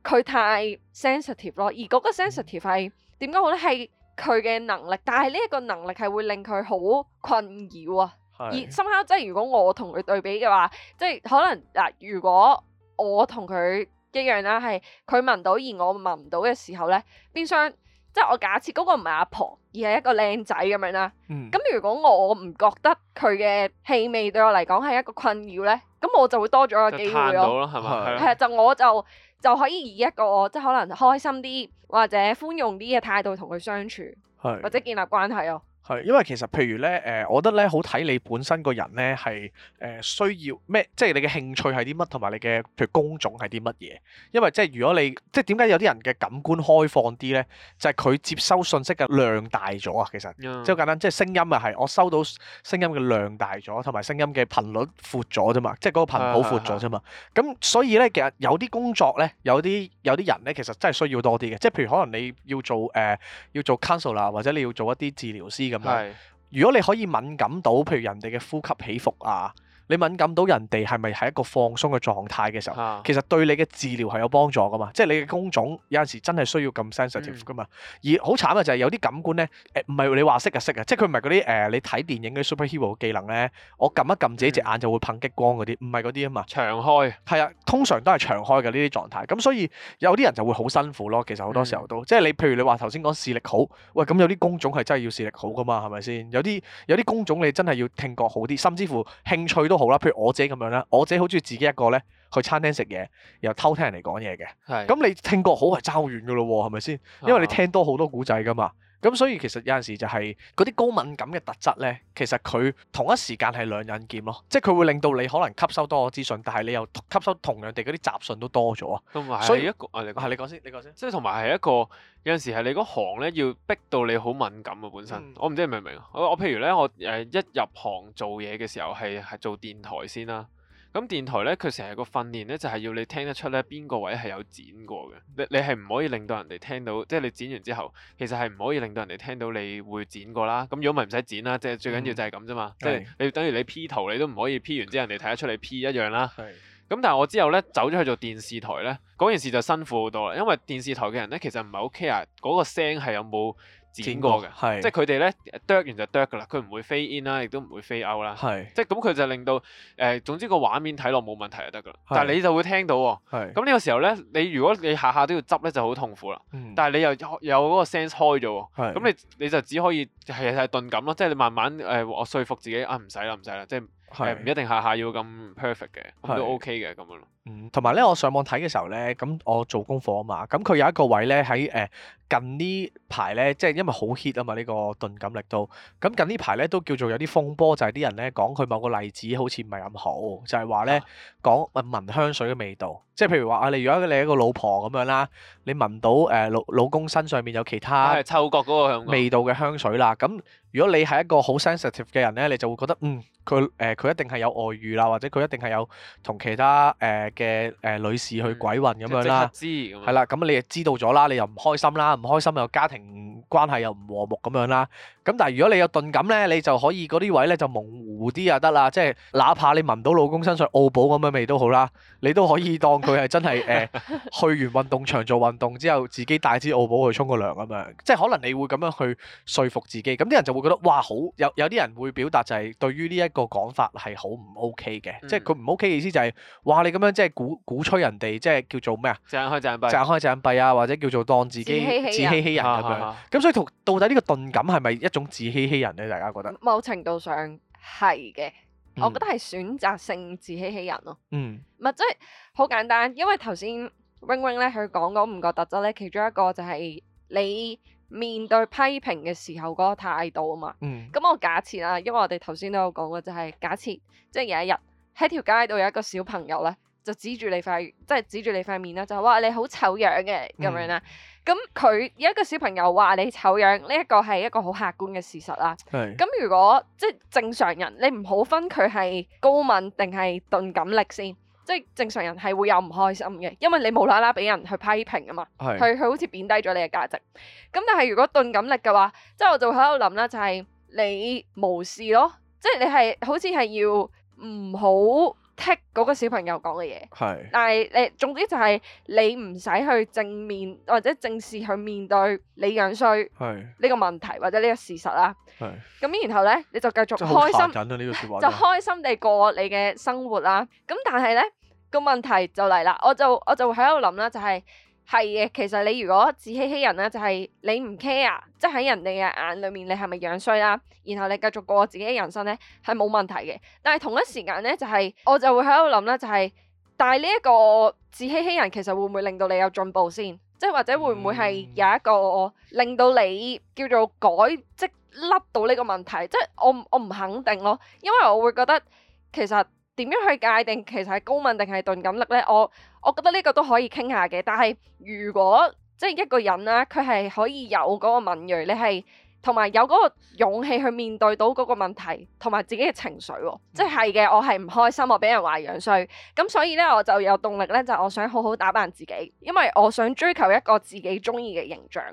佢太 sensitive 咯。而嗰個 sensitive 係點講好咧？係佢嘅能力，但係呢一個能力係會令佢好困擾啊、喔。是而深刻即係如果我同佢對比嘅話，即係可能嗱，如果我同佢一樣啦，係佢聞到而我聞唔到嘅時候咧，變相。即係我假設嗰個唔係阿婆，而係一個靚仔咁樣啦。咁、嗯、如果我唔覺得佢嘅氣味對我嚟講係一個困擾咧，咁我就會多咗一個機會咯。係咪？係啊，就我就就可以以一個即係可能開心啲或者寬容啲嘅態度同佢相處，是或者建立關係咯。係，因為其實譬如咧，誒我覺得咧，好睇你本身個人咧係誒需要咩，即係你嘅興趣係啲乜，同埋你嘅譬如工種係啲乜嘢。因為即係如果你即係點解有啲人嘅感官開放啲咧，就係、是、佢接收信息嘅量大咗啊。其實，嗯、即係好簡單，即係聲音啊，係我收到聲音嘅量大咗，同埋聲音嘅頻率闊咗啫嘛，即係個頻譜闊咗啫嘛。咁、嗯、所以咧，其實有啲工作咧，有啲有啲人咧，其實真係需要多啲嘅。即係譬如可能你要做誒、呃、要做 counselor 啦，或者你要做一啲治療師嘅。係，是如果你可以敏感到，譬如人哋嘅呼吸起伏啊。你敏感到人哋係咪係一個放鬆嘅狀態嘅時候，啊、其實對你嘅治療係有幫助噶嘛？即係你嘅工種有陣時真係需要咁 sensitive 噶、嗯、嘛？而好慘嘅就係有啲感官咧，誒唔係你話識就識啊！即係佢唔係嗰啲誒你睇電影嘅 superhero 嘅技能咧，我撳一撳自己隻眼就會噴激光嗰啲，唔係嗰啲啊嘛。長開係啊，通常都係長開嘅呢啲狀態。咁所以有啲人就會好辛苦咯。其實好多時候都、嗯、即係你譬如你話頭先講視力好，喂咁有啲工種係真係要視力好噶嘛？係咪先？有啲有啲工種你真係要聽覺好啲，甚至乎興趣都。好啦，譬如我姐咁樣啦，我姐好中意自己一個咧去餐廳食嘢，又偷聽人哋講嘢嘅。係是，咁你聽覺好係爭遠噶咯，係咪先？因為你聽多好多古仔噶嘛。咁所以其實有陣時就係嗰啲高敏感嘅特質咧，其實佢同一時間係兩刃劍咯，即係佢會令到你可能吸收多個資訊，但係你又吸收同樣地嗰啲雜訊都多咗啊。同埋係一個，所以、啊、你講、啊、先，你講先，即係同埋係一個有陣時係你嗰行咧，要逼到你好敏感嘅本身。嗯、我唔知你明唔明？我我譬如咧，我誒一入行做嘢嘅時候係係做電台先啦。咁電台咧，佢成日個訓練咧，就係、是、要你聽得出咧邊個位係有剪過嘅。你你係唔可以令到人哋聽到，即係你剪完之後，其實係唔可以令到人哋聽到你會剪過啦。咁如果咪唔使剪啦，即係最緊要就係咁啫嘛。嗯、即係你，等於你 P 圖，你都唔可以 P 完之後人哋睇得出你 P 一樣啦。咁、嗯、但係我之後咧走咗去做電視台咧，嗰件事就辛苦好多啦，因為電視台嘅人咧其實唔係 OK 啊，r e 嗰個聲係有冇。剪過嘅，即係佢哋咧 drop 完就 drop 噶啦，佢唔會 fade in 啦，亦都唔會 fade out 啦。係，即係咁佢就令到誒，總之個畫面睇落冇問題就得噶啦。但係你就會聽到喎，係咁呢個時候咧，你如果你下下都要執咧，就好痛苦啦。但係你又有嗰個 sense 開咗喎，係咁你你就只可以係係鈍感咯，即係你慢慢誒，我説服自己啊，唔使啦，唔使啦，即係誒唔一定下下要咁 perfect 嘅，都 OK 嘅咁樣咯。同埋咧，我上網睇嘅時候咧，咁我做功課啊嘛，咁、嗯、佢有一個位咧喺誒近呢排咧，即係因為好 hit 啊嘛，呢個鈍感力度，咁近,近呢排咧都叫做有啲風波，就係、是、啲人咧講佢某個例子好似唔係咁好，就係話咧講聞香水嘅味道，即係譬如話啊，你如果你係一個老婆咁樣啦，你聞到誒老、呃、老公身上面有其他，係嗅覺嗰個味道嘅香水啦，咁、嗯、如果你係一個好 sensitive 嘅人咧，你就會覺得嗯佢誒佢一定係有外遇啦，或者佢一定係有同其他誒。呃呃嘅誒、呃、女士去鬼混咁樣啦，係啦、嗯，咁樣你又知道咗啦，你又唔開心啦，唔開心又家庭關係又唔和睦咁樣啦。咁但係如果你有鈍感咧，你就可以嗰啲位咧就模糊啲又得啦，即係哪怕你聞到老公身上澳寶咁樣味都好啦，你都可以當佢係真係誒、 呃、去完運動場做運動之後，自己帶支澳寶去沖個涼咁樣，即係可能你會咁樣去説服自己。咁啲人就會覺得哇好有有啲人會表達就係對於呢一個講法係好唔 OK 嘅，嗯、即係佢唔 OK 意思就係、是、哇你咁樣即係鼓鼓吹人哋即係叫做咩啊？賺開賺閉，賺開賺閉啊，或者叫做當自己自欺欺,欺,欺,欺,欺人咁樣。咁所以同到底呢個鈍感係咪一？種自欺欺人咧，大家覺得？某程度上係嘅，嗯、我覺得係選擇性自欺欺人咯、啊。嗯，咪即係好簡單，因為頭先 Wing Wing 咧佢講五個特質咧，其中一個就係你面對批評嘅時候個態度啊嘛。嗯。咁我假設啊，因為我哋頭先都有講過，就係、是、假設，即、就、係、是、有一日喺條街度有一個小朋友咧，就指住你塊，即係指住你塊面咧，就、是、你就哇你好醜樣嘅咁樣啦。嗯咁佢有一個小朋友話你醜樣，呢、這個、一個係一個好客觀嘅事實啦。咁是如果即係正常人，你唔好分佢係高敏定係鈍感力先。即係正常人係會有唔開心嘅，因為你無啦啦俾人去批評啊嘛。佢，佢是好似貶低咗你嘅價值。咁但係如果鈍感力嘅話，即係我就會喺度諗啦，就係、是、你無視咯。即係你係好似係要唔好。剔嗰個小朋友講嘅嘢，係是，但係誒，總之就係你唔使去正面或者正視去面對你樣衰呢是個問題或者呢個事實啦，係是，咁然後咧你就繼續開心，啊這個、就開心地過你嘅生活啦。咁但係咧個問題就嚟啦，我就我就喺度諗啦，就係。係嘅，其實你如果自欺欺人咧，就係、是、你唔 care，即喺人哋嘅眼裏面，你係咪樣衰啦？然後你繼續過自己嘅人生咧，係冇問題嘅。但係同一時間咧，就係、是、我就會喺度諗啦，就係、是，但係呢一個自欺欺人，其實會唔會令到你有進步先？即係或者會唔會係有一個令到你叫做改，即甩到呢個問題？即係我我唔肯定咯，因為我會覺得其實。點樣去界定其實係高敏定係鈍感力呢？我我覺得呢個都可以傾下嘅。但係如果即係一個人啦，佢係可以有嗰個敏銳，你係同埋有嗰個勇氣去面對到嗰個問題，同埋自己嘅情緒，哦，即係嘅，我係唔開心，我俾人話樣衰，咁所、所以呢，我就有動力呢，就係，我想好好打扮自己，因為我想追求一個自己中意嘅形象。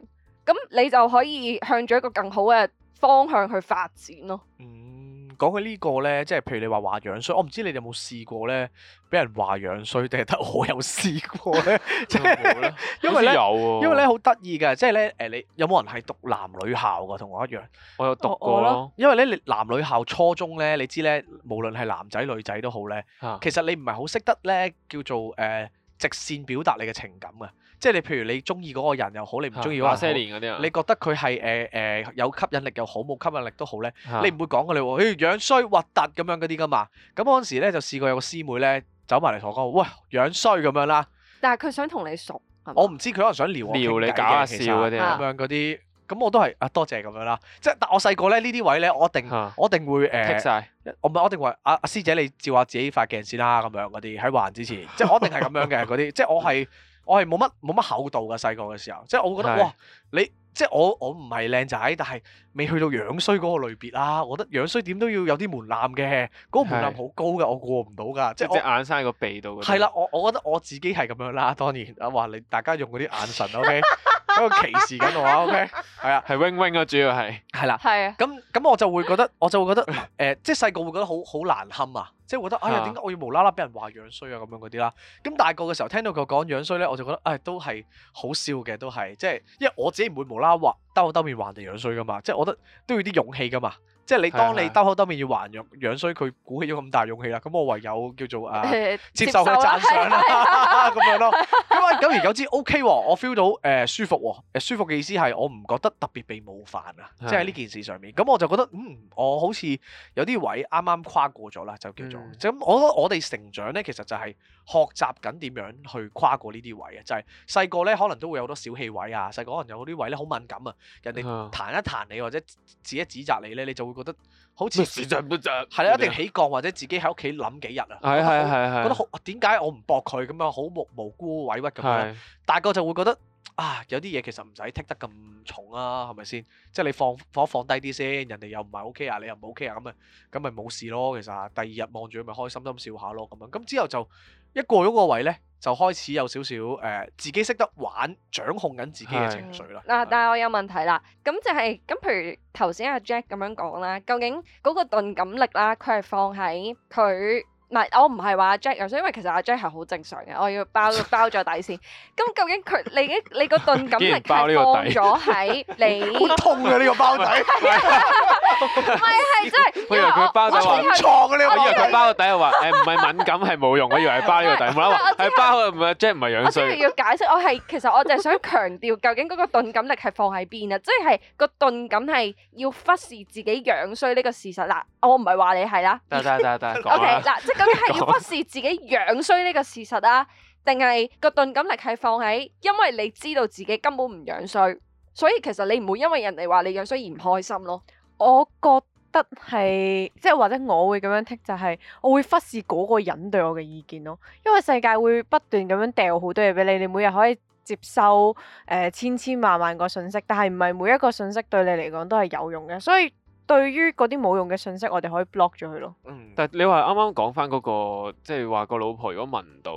咁你就可以向住一個更好嘅方向去發展咯。嗯。講起呢個呢，即係譬如你話話樣衰，我唔知你有冇試過呢？俾人話樣衰，定係得我有試過呢？即係 因為呢，因為呢好得意嘅，即係呢，誒、就是呃，你有冇人係讀男女校㗎？同我一樣，我有讀過咯。呢因為呢，你男女校初中呢，你知呢，無論係男仔女仔都好呢，啊、其實你唔係好識得呢，叫做誒、呃、直線表達你嘅情感嘅。即係你，譬如你中意嗰個人又好，你唔中意又好，啊、年些你覺得佢係誒誒有吸引力又好，冇吸引力都好咧、啊，你唔會講佢你話，咦、欸、樣衰核突咁樣嗰啲噶嘛？咁嗰陣時咧就試過有個師妹咧走埋嚟同我講，喂，樣衰咁樣啦。但係佢想同你熟，我唔知佢可能想撩撩你搞下笑嗰啲咁樣啲，咁我都係啊多謝咁樣啦。即、啊、係但我細個咧呢啲位咧，我一定我，一定，我，一定，我一定會晒。我唔我一定話阿師姐你照下自己塊鏡先啦咁樣嗰啲喺還之前， 即係我一定係咁樣嘅嗰啲，即係我係。 我係冇乜冇乜厚度㗎，細個嘅時候，即係我覺得是哇，你即係我我唔係靚仔，但係未去到樣衰嗰個類別啦。我覺得樣衰點都要有啲門檻嘅，嗰是個門檻好高㗎，我過唔到㗎。即係隻眼生喺個鼻度。係啦，我我覺得我自己係咁樣啦，當然啊話你大家用嗰啲眼神 ，OK，喺度歧視緊我啊，OK，係啊，係 Wing Wing 啊，主要係係啦，係咁咁，啊 啊、我就會覺得我就覺得、呃、會覺得誒，即係細個會覺得好好難堪啊。即係我覺得，哎呀，點解我要無啦啦俾人話樣衰啊咁樣嗰啲啦？咁大個嘅時候聽到佢講樣衰咧，我就覺得，哎，都係好笑嘅，都係，即係因為我自己唔會無啦啦話兜口兜面話人哋樣衰噶嘛，即係我覺得都要啲勇氣噶嘛。即係你當你兜口兜面要還樣樣衰，佢鼓起咗咁大勇氣啦。咁我唯有叫做誒、啊、接受佢讚賞啦，咁樣咯。因為久而久之，OK 我 feel 到誒舒服喎。舒服嘅意思係我唔覺得特別被冒犯啊。是即係呢件事上面，咁我就覺得嗯，我好似有啲位啱啱跨過咗啦，就叫做咁。嗯、我覺得我哋成長咧，其實就係學習緊點樣去跨過呢啲位啊。就係細個咧，可能都會有好多小氣位啊。細個可能有啲位咧好敏感啊，人哋彈一彈你或者指一指責你咧，你就我覺得好似，係啦、啊，一定起降或者自己喺屋企諗幾日啊。的覺得好點解我唔駁佢咁樣好無辜委屈咁樣，大個的的就會覺得。啊，有啲嘢其實唔使剔得咁重啊，係咪先？即係你放放放低啲先，人哋又唔係 OK 啊，你又唔 OK 啊，咁啊，咁咪冇事咯。其實第二日望住佢咪開心心笑下咯，咁樣。咁之後就一過咗個位咧，就開始有少少誒，自己識得玩，掌控緊自己嘅情緒啦。嗱是是、啊，但係我有問題啦，咁就係、是、咁，譬如頭先阿 Jack 咁樣講啦，究竟嗰個鈍感力啦、啊，佢係放喺佢。唔係，我唔係話 Jack 樣衰，因為其實 Jack 係好正常嘅。我要包個包咗底先。咁究竟佢你啲你個鈍感力係放咗喺你？好痛啊！呢個包底唔係啊，係真係。我以為佢包咗個創啊！呢個我以為佢包個底係話誒唔係敏感係冇用，我以為係包呢個底，唔好話係包，唔係 Jack 唔係樣衰。所以要解釋，我係其實我就係想強調究竟嗰個鈍感力係放喺邊啊！即係個鈍感係要忽視自己樣衰呢個事實啦。我唔係話你係啦，得得得，OK 嗱，即係究竟係要忽視自己樣衰呢個事實啊，定係個鈍感力係放喺因為你知道自己根本唔樣衰，所以其實你唔會因為人哋話你樣衰而唔開心咯。我覺得係即係或者我會咁樣 take 就係我會忽視嗰個人對我嘅意見咯，因為世界會不斷咁樣掉好多嘢俾你，你每日可以接收誒千千萬萬個信息，但係唔係每一個信息對你嚟講都係有用嘅，所以。對於嗰啲冇用嘅信息，我哋可以 block 咗佢咯。嗯，但係你話啱啱講翻嗰個，即係話個老婆如果聞到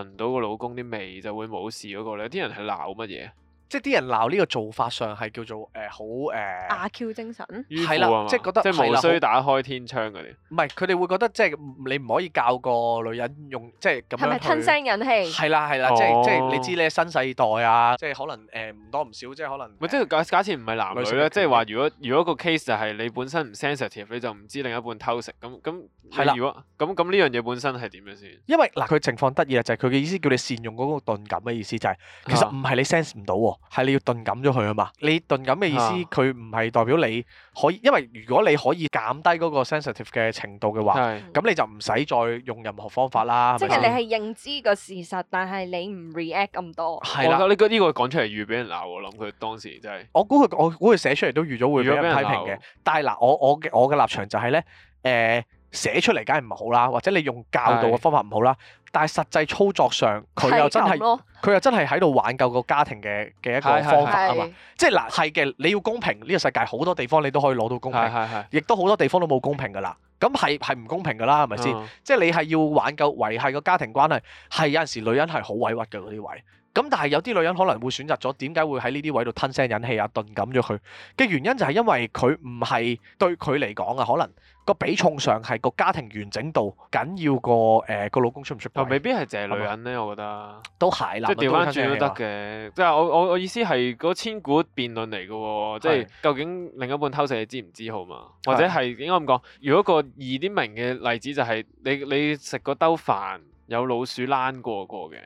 聞到個老公啲味就會冇事嗰個咧，啲人係鬧乜嘢？即係啲人鬧呢個做法上係叫做誒好誒阿 Q 精神，係、呃、啦，呃啊、即係覺得即係無需打開天窗嗰啲。唔係佢哋會覺得即係你唔可以教個女人用即係咁樣。係咪吞聲忍氣？係啦，係啦，即係即係你知你新世代啊，哦、即係可能誒唔、呃、多唔少，即係可能。即係假假設唔係男女咧，女即係話如果如果個 case 就係你本身唔 sensitive，你就唔知另一半偷食咁咁。係的啦，如果咁咁呢樣嘢本身係點樣先？因為嗱佢情況得意啊，就係佢嘅意思叫你善用嗰個鈍感嘅意思就係其實唔係你 sense 唔到喎。係你要鈍感咗佢啊嘛，你鈍感嘅意思，佢唔係代表你可以，因為如果你可以減低嗰個 sensitive 嘅程度嘅話，咁、嗯、你就唔使再用任何方法啦。即係、嗯、你係認知個事實，但係你唔 react 咁多。係啦你，呢呢個講出嚟預俾人鬧，我諗佢當時真係。我估佢我估佢寫出嚟都預咗會俾人批評嘅。但係嗱，我我我嘅立場就係、是、咧，誒、呃，寫出嚟梗係唔好啦，或者你用教導嘅方法唔好啦。但係實際操作上，佢又真係佢又真係喺度挽救個家庭嘅嘅一個方法啊嘛，即係嗱，係嘅，你要公平，呢個世界好多地方你都可以攞到公平，係係係，亦都好多地方都冇公平噶啦，咁係係唔公平噶啦，係咪先？嗯嗯即係你係要挽救維係個家庭關係，係有陣時女人係好委屈嘅嗰啲位。咁但係有啲女人可能會選擇咗，點解會喺呢啲位度吞聲忍氣啊？鈍感咗佢嘅原因就係因為佢唔係對佢嚟講啊，可能個比重上係個家庭完整度緊要過誒、呃、個老公出唔出？又未必係淨係女人咧，吧我覺得都係，即係調返轉都得嘅。即係我我我意思係嗰千古辯論嚟嘅喎，是即係究竟另一半偷食你知唔知好嘛？是或者係點解咁講？如果個易啲明嘅例子就係你你食個兜飯有老鼠躝過過嘅，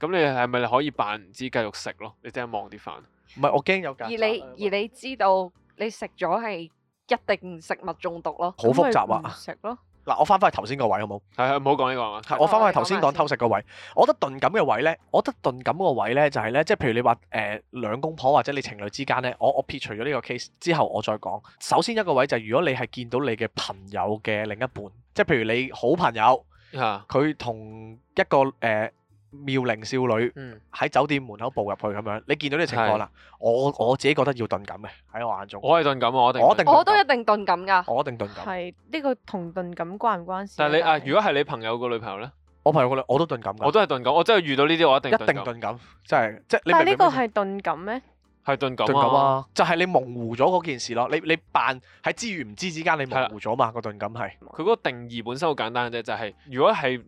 咁你係咪可以扮唔知繼續食咯？你即係望啲飯，唔係我驚有。而你而你知道你食咗係一定食物中毒咯。好複雜啊！食咯。嗱，我翻返去頭先個位好冇？係啊，唔好講呢個。我翻返去頭先講偷食個位。我覺得鈍感嘅位咧，我覺得鈍感個位咧就係咧，即係譬如你話誒、呃、兩公婆或者你情侶之間咧，我我撇除咗呢個 case 之後，我再講。首先一個位就係如果你係見到你嘅朋友嘅另一半，即係譬如你好朋友，佢同、嗯、一個誒。呃妙齡少女喺酒店門口步入去咁樣，你見到呢個情況啦，係我我自己覺得要頓感嘅，喺我眼中，我係頓感啊，我我我都一定頓感噶，我一定頓感係呢個同頓感關唔關事？但係你啊，如果係你朋友個女朋友咧，我朋友個女朋友我都頓感㗎，我都係頓感，我真係遇到呢啲我一定頓感，一定頓感，真係即係。但你係呢個係頓感咩？係鈍感啊！就係你模糊咗嗰件事咯，你你扮喺知與唔知之間，你模糊咗嘛？個鈍感係佢嗰個定義本身好簡單嘅啫，就係、是、如果係誒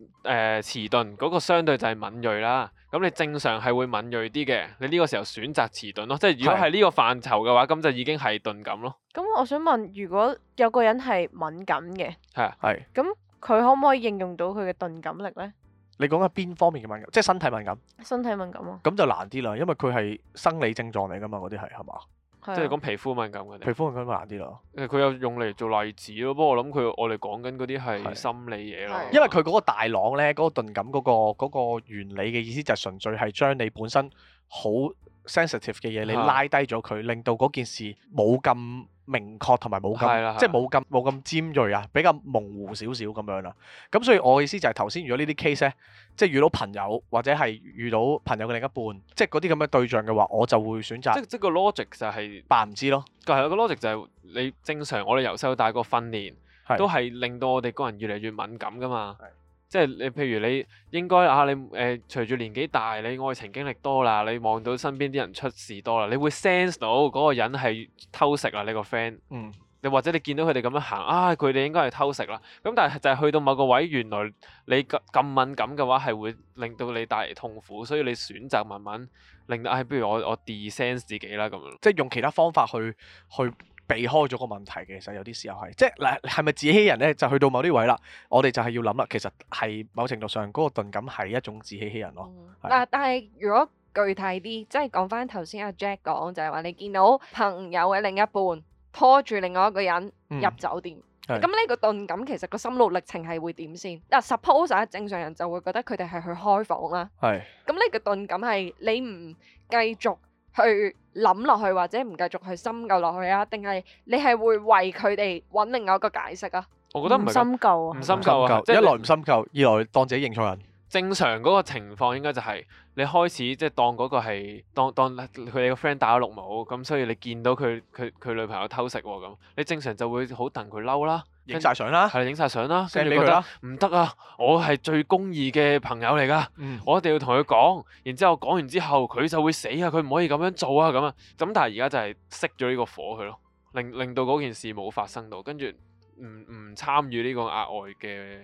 遲鈍嗰個相對就係敏銳啦。咁你正常係會敏銳啲嘅，你呢個時候選擇遲鈍咯，即係如果係呢個範疇嘅話，咁的就已經係鈍感咯。咁我想問，如果有個人係敏感嘅，係啊係，咁佢的可唔可以應用到佢嘅鈍感力咧？你講緊邊方面嘅敏感，即係身體敏感，身體敏感啊，咁就難啲啦，因為佢係生理症狀嚟噶嘛，嗰啲係係嘛，即係講皮膚敏感嘅，皮膚敏感就難啲咯。佢又用嚟做例子咯，不過我諗佢我哋講緊嗰啲係心理嘢咯，因為佢嗰個大浪咧，嗰、嗰個鈍感嗰、嗰個、嗰個原理嘅意思就純粹係將你本身好 sensitive 嘅嘢，你拉低咗佢，令到嗰件事冇咁。明確同埋冇咁，的即係冇咁冇咁尖銳啊，比較模糊少少咁樣啦。咁所以我意思就係頭先，如果呢啲 case 咧，即係遇到朋友或者係遇到朋友嘅另一半，即係嗰啲咁嘅對象嘅話，我就會選擇。即即個 logic 就係扮唔知咯。就係個 logic 就係你正常，我哋由細到大個訓練都係令到我哋個人越嚟越敏感噶嘛。即係你，譬如你應該啊，你誒、呃、隨住年紀大，你愛情經歷多啦，你望到身邊啲人出事多啦，你會 sense 到嗰個人係偷食啦，你個 friend。嗯。你或者你見到佢哋咁樣行，啊佢哋應該係偷食啦。咁但係就係去到某個位，原來你咁敏感嘅話，係會令到你帶嚟痛苦，所以你選擇慢慢令到，唉、啊，不如我我 desense 自己啦，咁樣，即係用其他方法去去。避開咗個問題嘅，其實有啲時候係，即係嗱，係咪自欺欺人咧？就去到某啲位啦，我哋就係要諗啦。其實係某程度上，嗰、嗰個鈍感係一種自欺欺人咯。嗱、嗯，係但係如果具體啲，即係講翻頭先阿 Jack 講，就係、係、話你見到朋友嘅另一半拖住另外一個人入酒店，咁呢、嗯、個鈍感其實個心路歷程係會點先？嗱、嗯、suppose 正常人就會覺得佢哋係去開房啦。係係，咁呢個鈍感係你唔繼續。去諗落去或者唔繼續去深究落去啊？定係你係會為佢哋揾另一個解釋啊？我覺得唔深究啊，唔深究啊，一來唔深究，二來當自己認錯人。正常嗰個情況應該就係、是、你開始即係、就是、當嗰個係當當佢哋個 friend 打咗綠帽，咁所以你見到佢佢佢女朋友偷食喎，咁，你正常就會好戥佢嬲啦。影晒相啦，係影晒相啦，跟住覺得唔得啊！我係最公義嘅朋友嚟㗎，嗯、我一定要同佢講。然之後講完之後，佢就會死啊！佢唔可以咁樣做啊！咁但係而家就係熄咗呢個火佢咯，令令到嗰件事冇發生到，跟住唔唔參與呢個額外嘅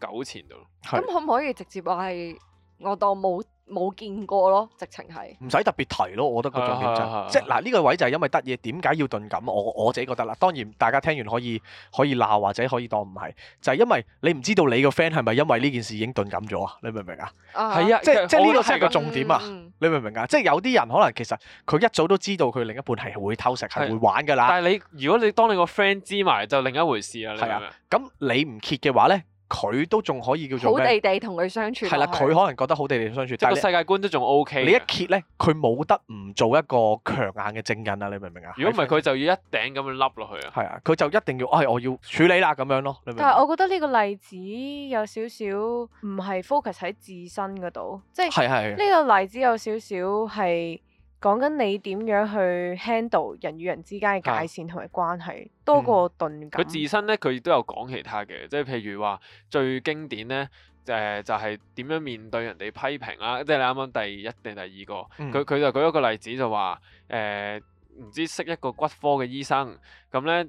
糾纏度。咁、嗯、是可唔可以直接話係我當冇？冇見過咯，直情係唔使特別提咯，我覺得個重點就、啊啊啊、即係嗱呢個位就係因為得嘢，點解要鈍感？我我自己覺得啦。當然大家聽完可以可以鬧或者可以當唔係，就係、是、因為你唔知道你個 friend 係咪因為呢件事已經鈍感咗啊？你明唔明啊？係即啊，啊即係即係呢個先係個重點啊！嗯、你明唔明啊？即係有啲人可能其實佢一早都知道佢另一半係會偷食係會玩㗎啦。但係你如果你當你個 friend 知埋就另一回事啦。係啊，咁你唔揭嘅話咧？ 佢都仲可以叫做好地地同佢相處。係啦，佢可能覺得好地地相處，但係你個世界觀都仲 OK。你一揭咧，佢冇得唔做一個強硬嘅證人啦，你明唔明啊？如果唔係，佢就要一頂咁樣笠落去啊！係啊，佢就一定要，哎，我要處理啦咁樣咯。你明，但係我覺得呢個例子有少少唔係 focus 喺自身嗰度，即係呢是個例子有少少係。講緊你點樣去 handle 人與人之間嘅界線同埋關係，的多過鈍感。佢自身咧，佢都有講其他嘅，即係譬如話最經典咧，誒、呃、就係、是、點樣面對人哋批評啦，即係你啱啱第一定第二個，佢、佢、嗯、就舉一個例子就話，誒、呃、唔知識一個骨科嘅醫生，咁咧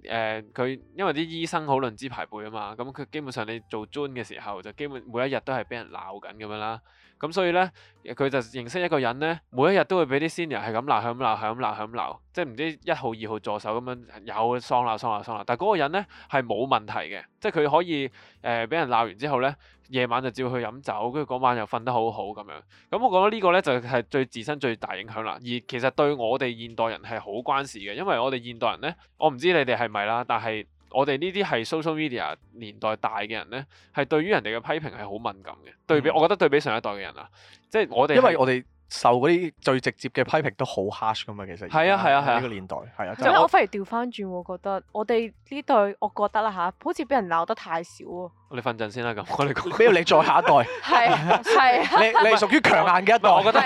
誒佢因為啲醫生好論資排輩啊嘛，咁佢基本上你做 j 嘅時候就基本每一日都係俾人鬧緊咁樣啦。咁所以咧，佢就認識一個人咧，每一日都會俾啲 senior 係咁鬧，係咁鬧，係咁鬧，係咁鬧，即係唔知一號、二號助手咁樣有喪鬧、喪鬧、喪鬧。但係嗰個人咧係冇問題嘅，即係佢可以誒俾、呃、人鬧完之後咧，夜晚就照去飲酒，跟住嗰晚又瞓得好好咁樣。咁我覺得呢個咧就係、是、對自身最大影響啦。而其實對我哋現代人係好關事嘅，因為我哋現代人咧，我唔知你哋係咪啦，但係。我哋呢啲係 social media 年代大嘅人呢，係對於人哋嘅批評係好敏感嘅。對比，嗯、我覺得對比上一代嘅人啊，即係我哋，因為我哋。受嗰啲最直接嘅批評都好 harsh 噶嘛，其實係啊係啊係啊，呢個年代係啊，即我反而調翻轉，我覺得我哋呢代，我覺得啦嚇，好似俾人鬧得太少啊！你瞓陣先啦，咁我哋講， 你要不你再下一代，係係、 啊啊啊， 你你係屬於強硬嘅一代是， 我覺得，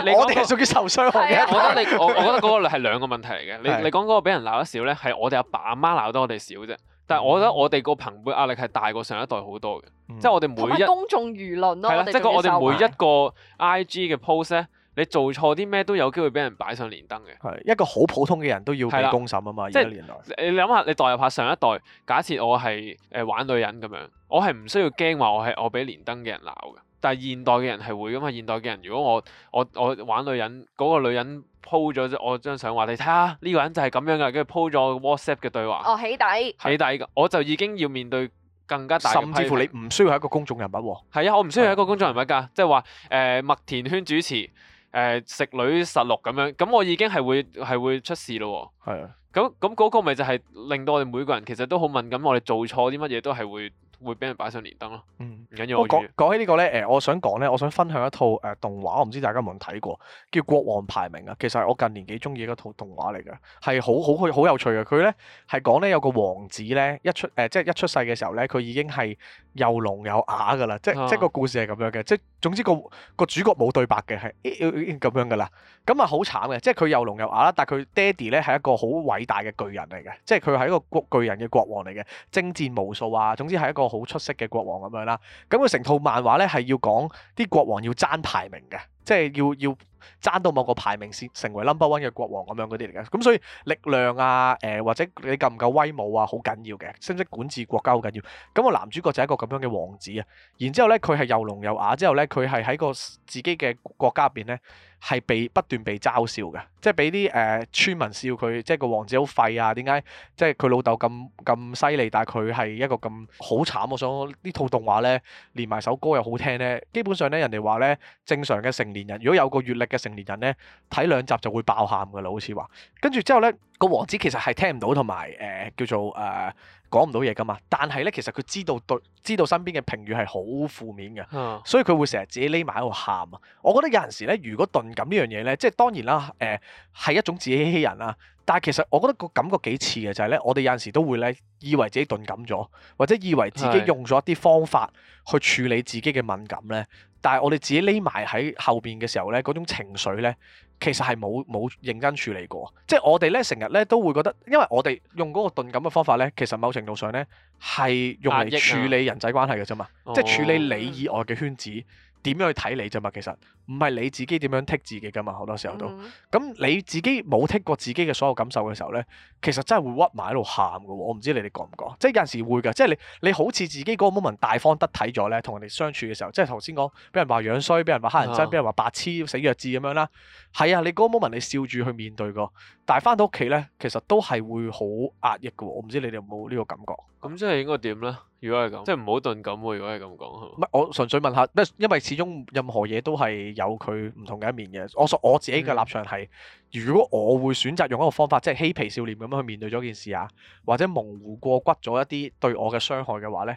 你你 我哋係屬於受傷害嘅，我覺得你我我覺得嗰個係兩個問題嚟嘅， 你你講嗰個俾人鬧得少咧，係我哋阿爸阿媽鬧得我哋少啫。但係我覺得我哋個朋輩壓力係大過上一代好多嘅，嗯、即係我哋每一個公眾輿論咯。係啦的，即係我哋每一個 IG 嘅 post 咧，你做錯啲咩都有機會俾人擺上連登嘅。係一個好普通嘅人都要被公審啊嘛，即係的年代。你諗下，你代入下上一代，假設我係誒、呃、玩女人咁樣，我係唔需要驚話我係我俾連登嘅人鬧嘅。但係現代嘅人係會㗎嘛。現代嘅人，如果我我我玩女人嗰、嗰個女人 po 咗我張相話，你睇下呢個人就係咁樣噶，跟住 po 咗 WhatsApp 嘅對話。哦，起底，起底噶，我就已經要面對更加大。甚至乎你唔需要係一個公眾人物喎。係啊，我唔需要係一個公眾人物㗎，即係話誒麥田圈主持誒、呃、食女實錄咁樣，咁我已經係會係會出事咯。係啊的，咁咁嗰個咪就係令到我哋每個人其實都好敏感，我哋做錯啲乜嘢都係會。會俾人擺上蓮燈咯。嗯，唔緊要我。我講講起個呢個咧，誒、呃，我想講咧，我想分享一套誒、呃、動畫，我唔知大家有冇睇過，叫《國王排名》啊。其實係我近年幾中意嘅套動畫嚟嘅，係好好好有趣嘅。佢咧係講咧有個王子咧一出誒、呃，即係一出世嘅時候咧，佢已經係又聾又啞噶啦。即即個故事係咁樣嘅，啊、即總之個個主角冇對白嘅，係咦咁樣噶啦。咁啊好慘嘅，即係佢又聾又啞啦，但係佢爹哋咧係一個好偉大嘅巨人嚟嘅，即係佢係一個巨巨人嘅國王嚟嘅，征戰無數啊。總之係一個好出色嘅國王咁樣啦，咁佢成套漫畫咧係要講啲國王要爭排名嘅。即係要要爭到某個排名先成為 number one 嘅國王咁樣嗰啲嚟嘅，咁所以力量啊，誒、呃、或者你夠唔夠威武啊，好緊要嘅，識唔識管治國家好緊要。咁個男主角就係一個咁樣嘅王子啊。然之後呢又又之後咧，佢係又聾又啞，之後咧，佢係喺個自己嘅國家入邊咧，係被不斷被嘲笑嘅，即係俾啲誒村民笑佢，即係個王子好廢啊。點解即係佢老豆咁咁犀利，但係佢係一個咁好慘啊？我想呢套動畫咧，連埋首歌又好聽咧，基本上咧人哋話咧，正常嘅成成年人如果有個閲歷嘅成年人呢，睇兩集就會爆喊㗎喇，好似話。跟住之後呢個王子其實係聽唔到，同埋誒叫做誒。呃講唔到嘢噶嘛，但係咧，其實佢知道對，知道身邊嘅評語係好負面嘅，嗯、所以佢會成日自己匿埋喺度喊啊。我覺得有陣時咧，如果鈍感呢樣嘢咧，即係當然啦，誒、呃、係一種自欺欺人啦。但係其實我覺得個感覺幾似嘅就係咧，我哋有陣時都會咧以為自己鈍感咗，或者以為自己用咗一啲方法去處理自己嘅敏感咧，是但係我哋自己匿埋喺後邊嘅時候咧，嗰種情緒咧。其實係冇冇認真處理過，即係我哋咧成日咧都會覺得，因為我哋用嗰個鈍感嘅方法咧，其實某程度上咧係用嚟處理人際關係嘅啫嘛，啊、即係處理你以外嘅圈子。哦嗯點樣去睇你啫嘛？其實唔係你自己點樣剔自己噶嘛，好多時候都咁、mm hmm. 你自己冇剔過自己嘅所有感受嘅時候呢，其實真係會屈埋喺度喊嘅喎。我唔知你哋覺唔覺，即係有陣時會㗎。即係你你好似自己嗰個 moment 大方得體咗呢，同人哋相處嘅時候，即係頭先講，俾人話樣衰，俾人話黑人憎，俾、uh huh. 人話白痴、死弱智咁樣啦。係啊，你嗰個 moment 你笑住去面對過，但係翻到屋企呢，其實都係會好壓抑嘅。我唔知你哋有冇呢個感覺。咁即係應該點呢？如果係咁，即係唔好鈍感。如果係咁講，係我純粹問下，因為始終任何嘢都係有佢唔同嘅一面嘅。我所我自己嘅立場係，嗯、如果我會選擇用一個方法，即係嬉皮笑臉咁樣去面對咗件事啊，或者模糊過骨咗一啲對我嘅傷害嘅話咧，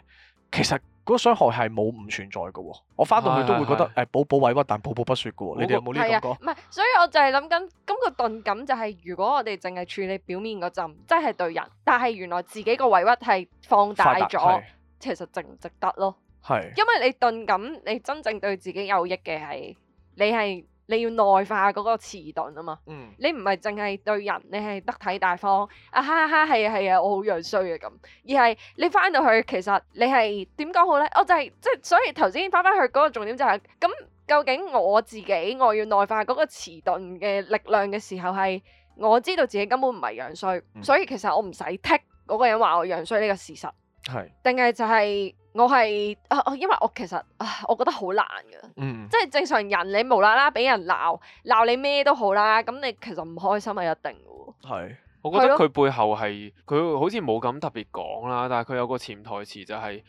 其實嗰個傷害係冇唔存在嘅。我翻到去都會覺得，誒，寶寶委屈，但係寶寶不說嘅。的你哋有冇呢個感覺？唔係，所以我就係諗緊，咁、這個鈍感就係如果我哋淨係處理表面嗰陣，即係對人，但係原來自己個委屈係放大咗。其實值唔值得咯？係是，因為你鈍感你真正對自己有益嘅係，你係你要內化嗰個遲鈍啊嘛。嗯、你唔係淨係對人，你係得體大方啊，哈哈，係係啊，我好樣衰嘅咁。而係你翻到去，其實你係點講好咧？我就係即係，所以頭先翻翻去嗰個重點就係，咁究竟我自己我要內化嗰個遲鈍嘅力量嘅時候，係我知道自己根本唔係樣衰，嗯、所以其實我唔使剔嗰個人話我樣衰呢個事實。係，定係是就係我係，啊啊，因為我其實啊，我覺得好難噶，嗯，即係正常人你無啦啦俾人鬧，鬧你咩都好啦，咁你其實唔開心係一定噶喎。係是，我覺得佢背後係佢好似冇咁特別講啦，但係佢有個潛台詞就係、是、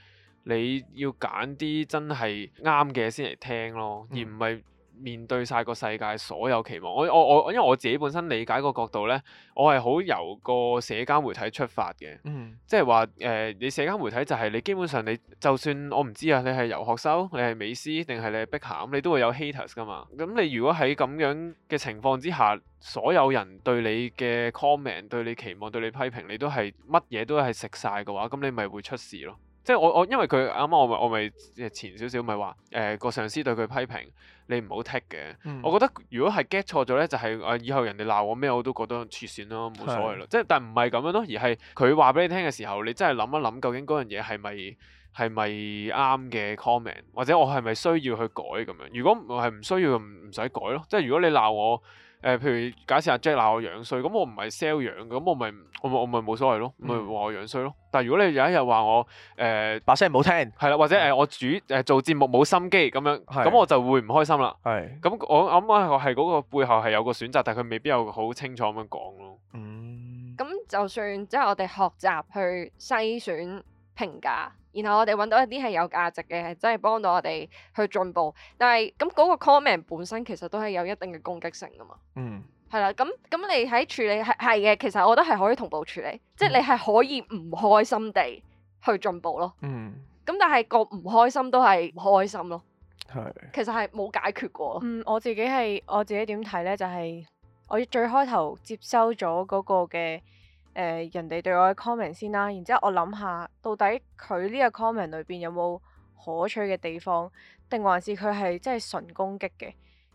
你要揀啲真係啱嘅先嚟聽咯，嗯、而唔係。面對晒個世界所有期望，我我我因為我自己本身理解個角度咧，我係好由個社交媒體出發嘅，嗯、即係話誒，你社交媒體就係你基本上，你就算我唔知啊，你係遊學修，你係美斯定係你係碧鹹，你都會有 haters 噶嘛。咁你如果喺咁樣嘅情況之下，所有人對你嘅 comment、對你期望、對你批評，你都係乜嘢都係食晒嘅話，咁你咪會出事咯。即係我我因為佢啱啱我咪我咪前少少咪話誒個上司對佢批評，你唔好剔嘅。嗯、我覺得如果係 get 錯咗咧，就係、是、以後人哋鬧我咩我都覺得黐線咯，冇所謂咯。的即係但唔係咁樣咯，而係佢話俾你聽嘅時候，你真係諗一諗究竟嗰樣嘢係咪係咪啱嘅 comment，或者我係咪需要去改咁樣？如果係唔需要唔唔使改咯。即係如果你鬧我。誒、呃，譬如假設阿 Jack 鬧我樣衰，咁我唔係 sell 樣嘅，咁我咪我咪我咪冇所謂咯，咪話、嗯、我樣衰咯。但係如果你有一日話我，誒、呃，把聲唔好聽，係啦，或者誒、嗯、我主誒、呃、做節目冇心機咁樣，咁的我就會唔開心啦。係的，咁我諗我係嗰個背後係有個選擇，但係佢未必有好清楚咁樣講咯。嗯，咁就算即係我哋學習去篩選評價。然後我哋揾到一啲係有價值嘅，係真係幫到我哋去進步。但係咁嗰個 comment 本身其實都係有一定嘅攻擊性噶嘛。嗯，係啦。咁咁你喺處理，係係嘅，其實我覺得係可以同步處理，嗯、即係你係可以唔開心地去進步咯。嗯。咁但係個唔開心都係唔開心咯。係的。其實係冇解決過。嗯，我自己係我自己點睇咧，就係、是、我最開頭接收咗嗰個嘅。誒、呃、人哋對我嘅 comment 先啦，然之後我諗下，到底佢呢個 comment 裏邊有冇可取嘅地方，定還是佢係真係純攻擊嘅？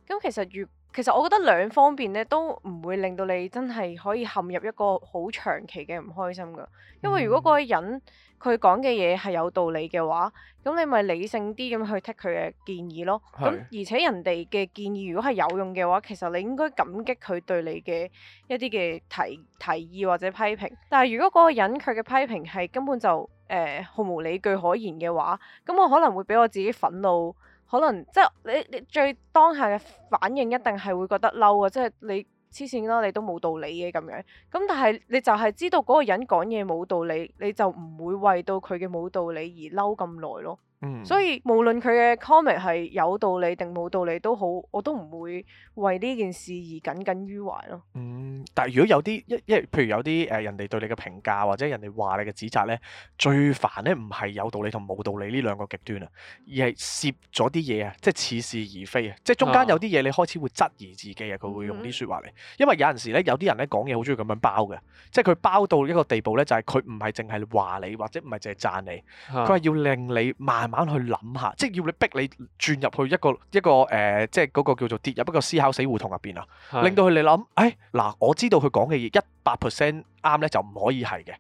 咁、嗯、其實越其實我覺得兩方面咧都唔會令到你真係可以陷入一個好長期嘅唔開心噶，因為如果嗰個人佢講嘅嘢係有道理嘅話，咁你咪理性啲咁去 take 佢嘅建議咯。咁是而且人哋嘅建議如果係有用嘅話，其實你應該感激佢對你嘅一啲嘅提提議或者批評。但係如果嗰個人佢嘅批評係根本就誒、呃、毫無理據可言嘅話，咁我可能會俾我自己憤怒。可能即係你你最當下嘅反應一定係會覺得嬲啊！即係你黐線咯，你都冇道理嘅咁樣。咁但係你就係知道嗰個人講嘢冇道理，你就唔會為到佢嘅冇道理而嬲咁耐咯。嗯，所以無論佢嘅 comment 係有道理定冇道理都好，我都唔會為呢件事而耿耿於懷咯。嗯，但係如果有啲一，即係譬如有啲誒人哋對你嘅評價或者人哋話你嘅指責咧，最煩咧唔係有道理同冇道理呢兩個極端啊，而係涉咗啲嘢啊，即係似是而非啊，即係中間有啲嘢你開始會質疑自己啊，佢會用啲説話嚟，因為有陣時咧有啲人咧講嘢好中意咁樣包嘅，即係佢包到一個地步咧，就係佢唔係淨係話你或者唔係淨係讚你，佢係要令你慢。慢慢去諗下，即係要你逼你轉入去一個一個誒、呃，即係嗰個叫做跌入一個思考死胡同入邊啊，是的 令到佢哋諗，哎嗱，我知道佢講嘅嘢一百 percent 啱咧，就唔可以係嘅。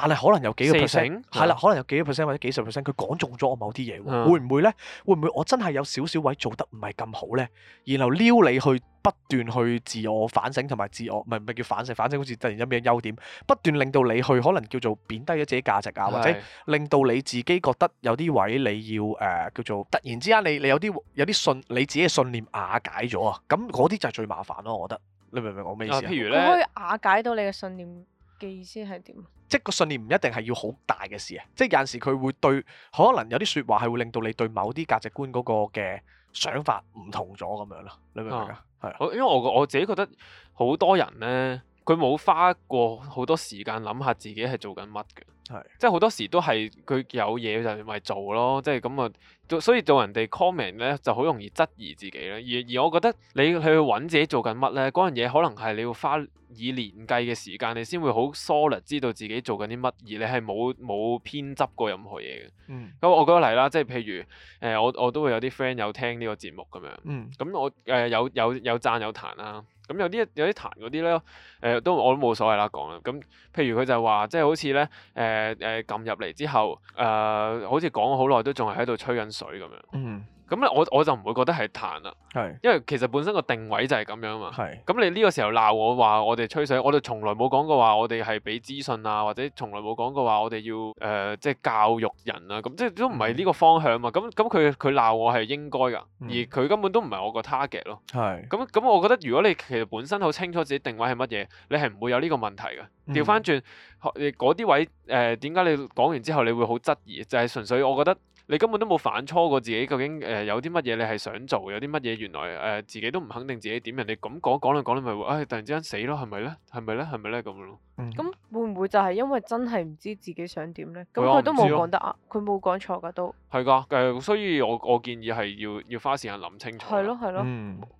但係可能有幾個 percent，係啦，成了可能有幾個 percent 或者幾十 percent，佢講中咗我某啲嘢，嗯、會唔會呢？會唔會我真係有少少位做得唔係咁好呢？然後撩你去不斷去自我反省同埋自我，唔係唔係叫反省，反省好似突然有咩優點，不斷令到你去可能叫做貶低咗自己價值啊，是的 或者令到你自己覺得有啲位你要誒、呃、叫做突然之間你你有啲有啲信你自己嘅信念瓦解咗啊！咁嗰啲就係最麻煩咯、啊，我覺得你明唔明我咩意思？譬如咧，佢可以瓦解到你嘅信念。嘅意思係點啊？即係個信念唔一定係要好大嘅事啊！即係有陣時佢會對，可能有啲説話係會令到你對某啲價值觀嗰個嘅想法唔同咗咁、嗯、樣囉。你明唔明啊？係，好，因為我我自己覺得好多人呢。佢冇花過好多時間諗下自己係做緊乜嘅，係的即係好多時都係佢有嘢就咪做咯，即係咁啊，所以做人哋 comment 咧就好容易質疑自己咧。而而我覺得你去揾自己做緊乜咧，嗰樣嘢可能係你要花以年計嘅時間，你先會好 solid 知道自己做緊啲乜，而你係冇冇偏執過任何嘢嘅。嗯，咁我舉個例啦，即係譬如誒、呃，我我都會有啲 friend 有聽呢個節目咁樣，嗯，咁我誒、呃、有有有讚有，有彈啦。咁有啲有啲彈嗰啲咧，誒、呃、都我都冇所謂啦講啦。咁譬如佢就話，即係好似咧，誒誒撳入嚟之後，誒、呃、好似講咗好耐都仲係喺度吹緊水咁樣。嗯。咁咧，我我就唔會覺得係彈啦，係是，因為其實本身個定位就係咁樣啊嘛，係是。咁你呢個時候鬧我話我哋吹水，我哋從來冇講過話我哋係畀資訊啊，或者從來冇講過話我哋要誒、呃、即係教育人啊，咁即係都唔係呢個方向啊嘛。咁咁佢佢鬧我係應該噶，嗯、而佢根本都唔係我個 target 咯。係是。咁咁，我覺得如果你其實本身好清楚自己定位係乜嘢，你係唔會有呢個問題嘅。調翻轉，你嗰啲位，誒、呃，點解你講完之後你會好質疑？就係、是、純粹，我覺得你根本都冇反粗過自己，究竟誒有啲乜嘢你係想做，有啲乜嘢原來誒、呃、自己都唔肯定自己點，人哋咁講講嚟講嚟咪會，完完完完 player，哎，突然之間死咯，係咪咧？係咪咧？係咪咧？咁樣咯。咁、嗯、會唔會就係因為真係唔知自己想點咧？咁佢都冇講得啱，佢冇講錯噶都。係噶，誒，所以我我建議係要要花時間諗清楚，啊。係咯，係咯。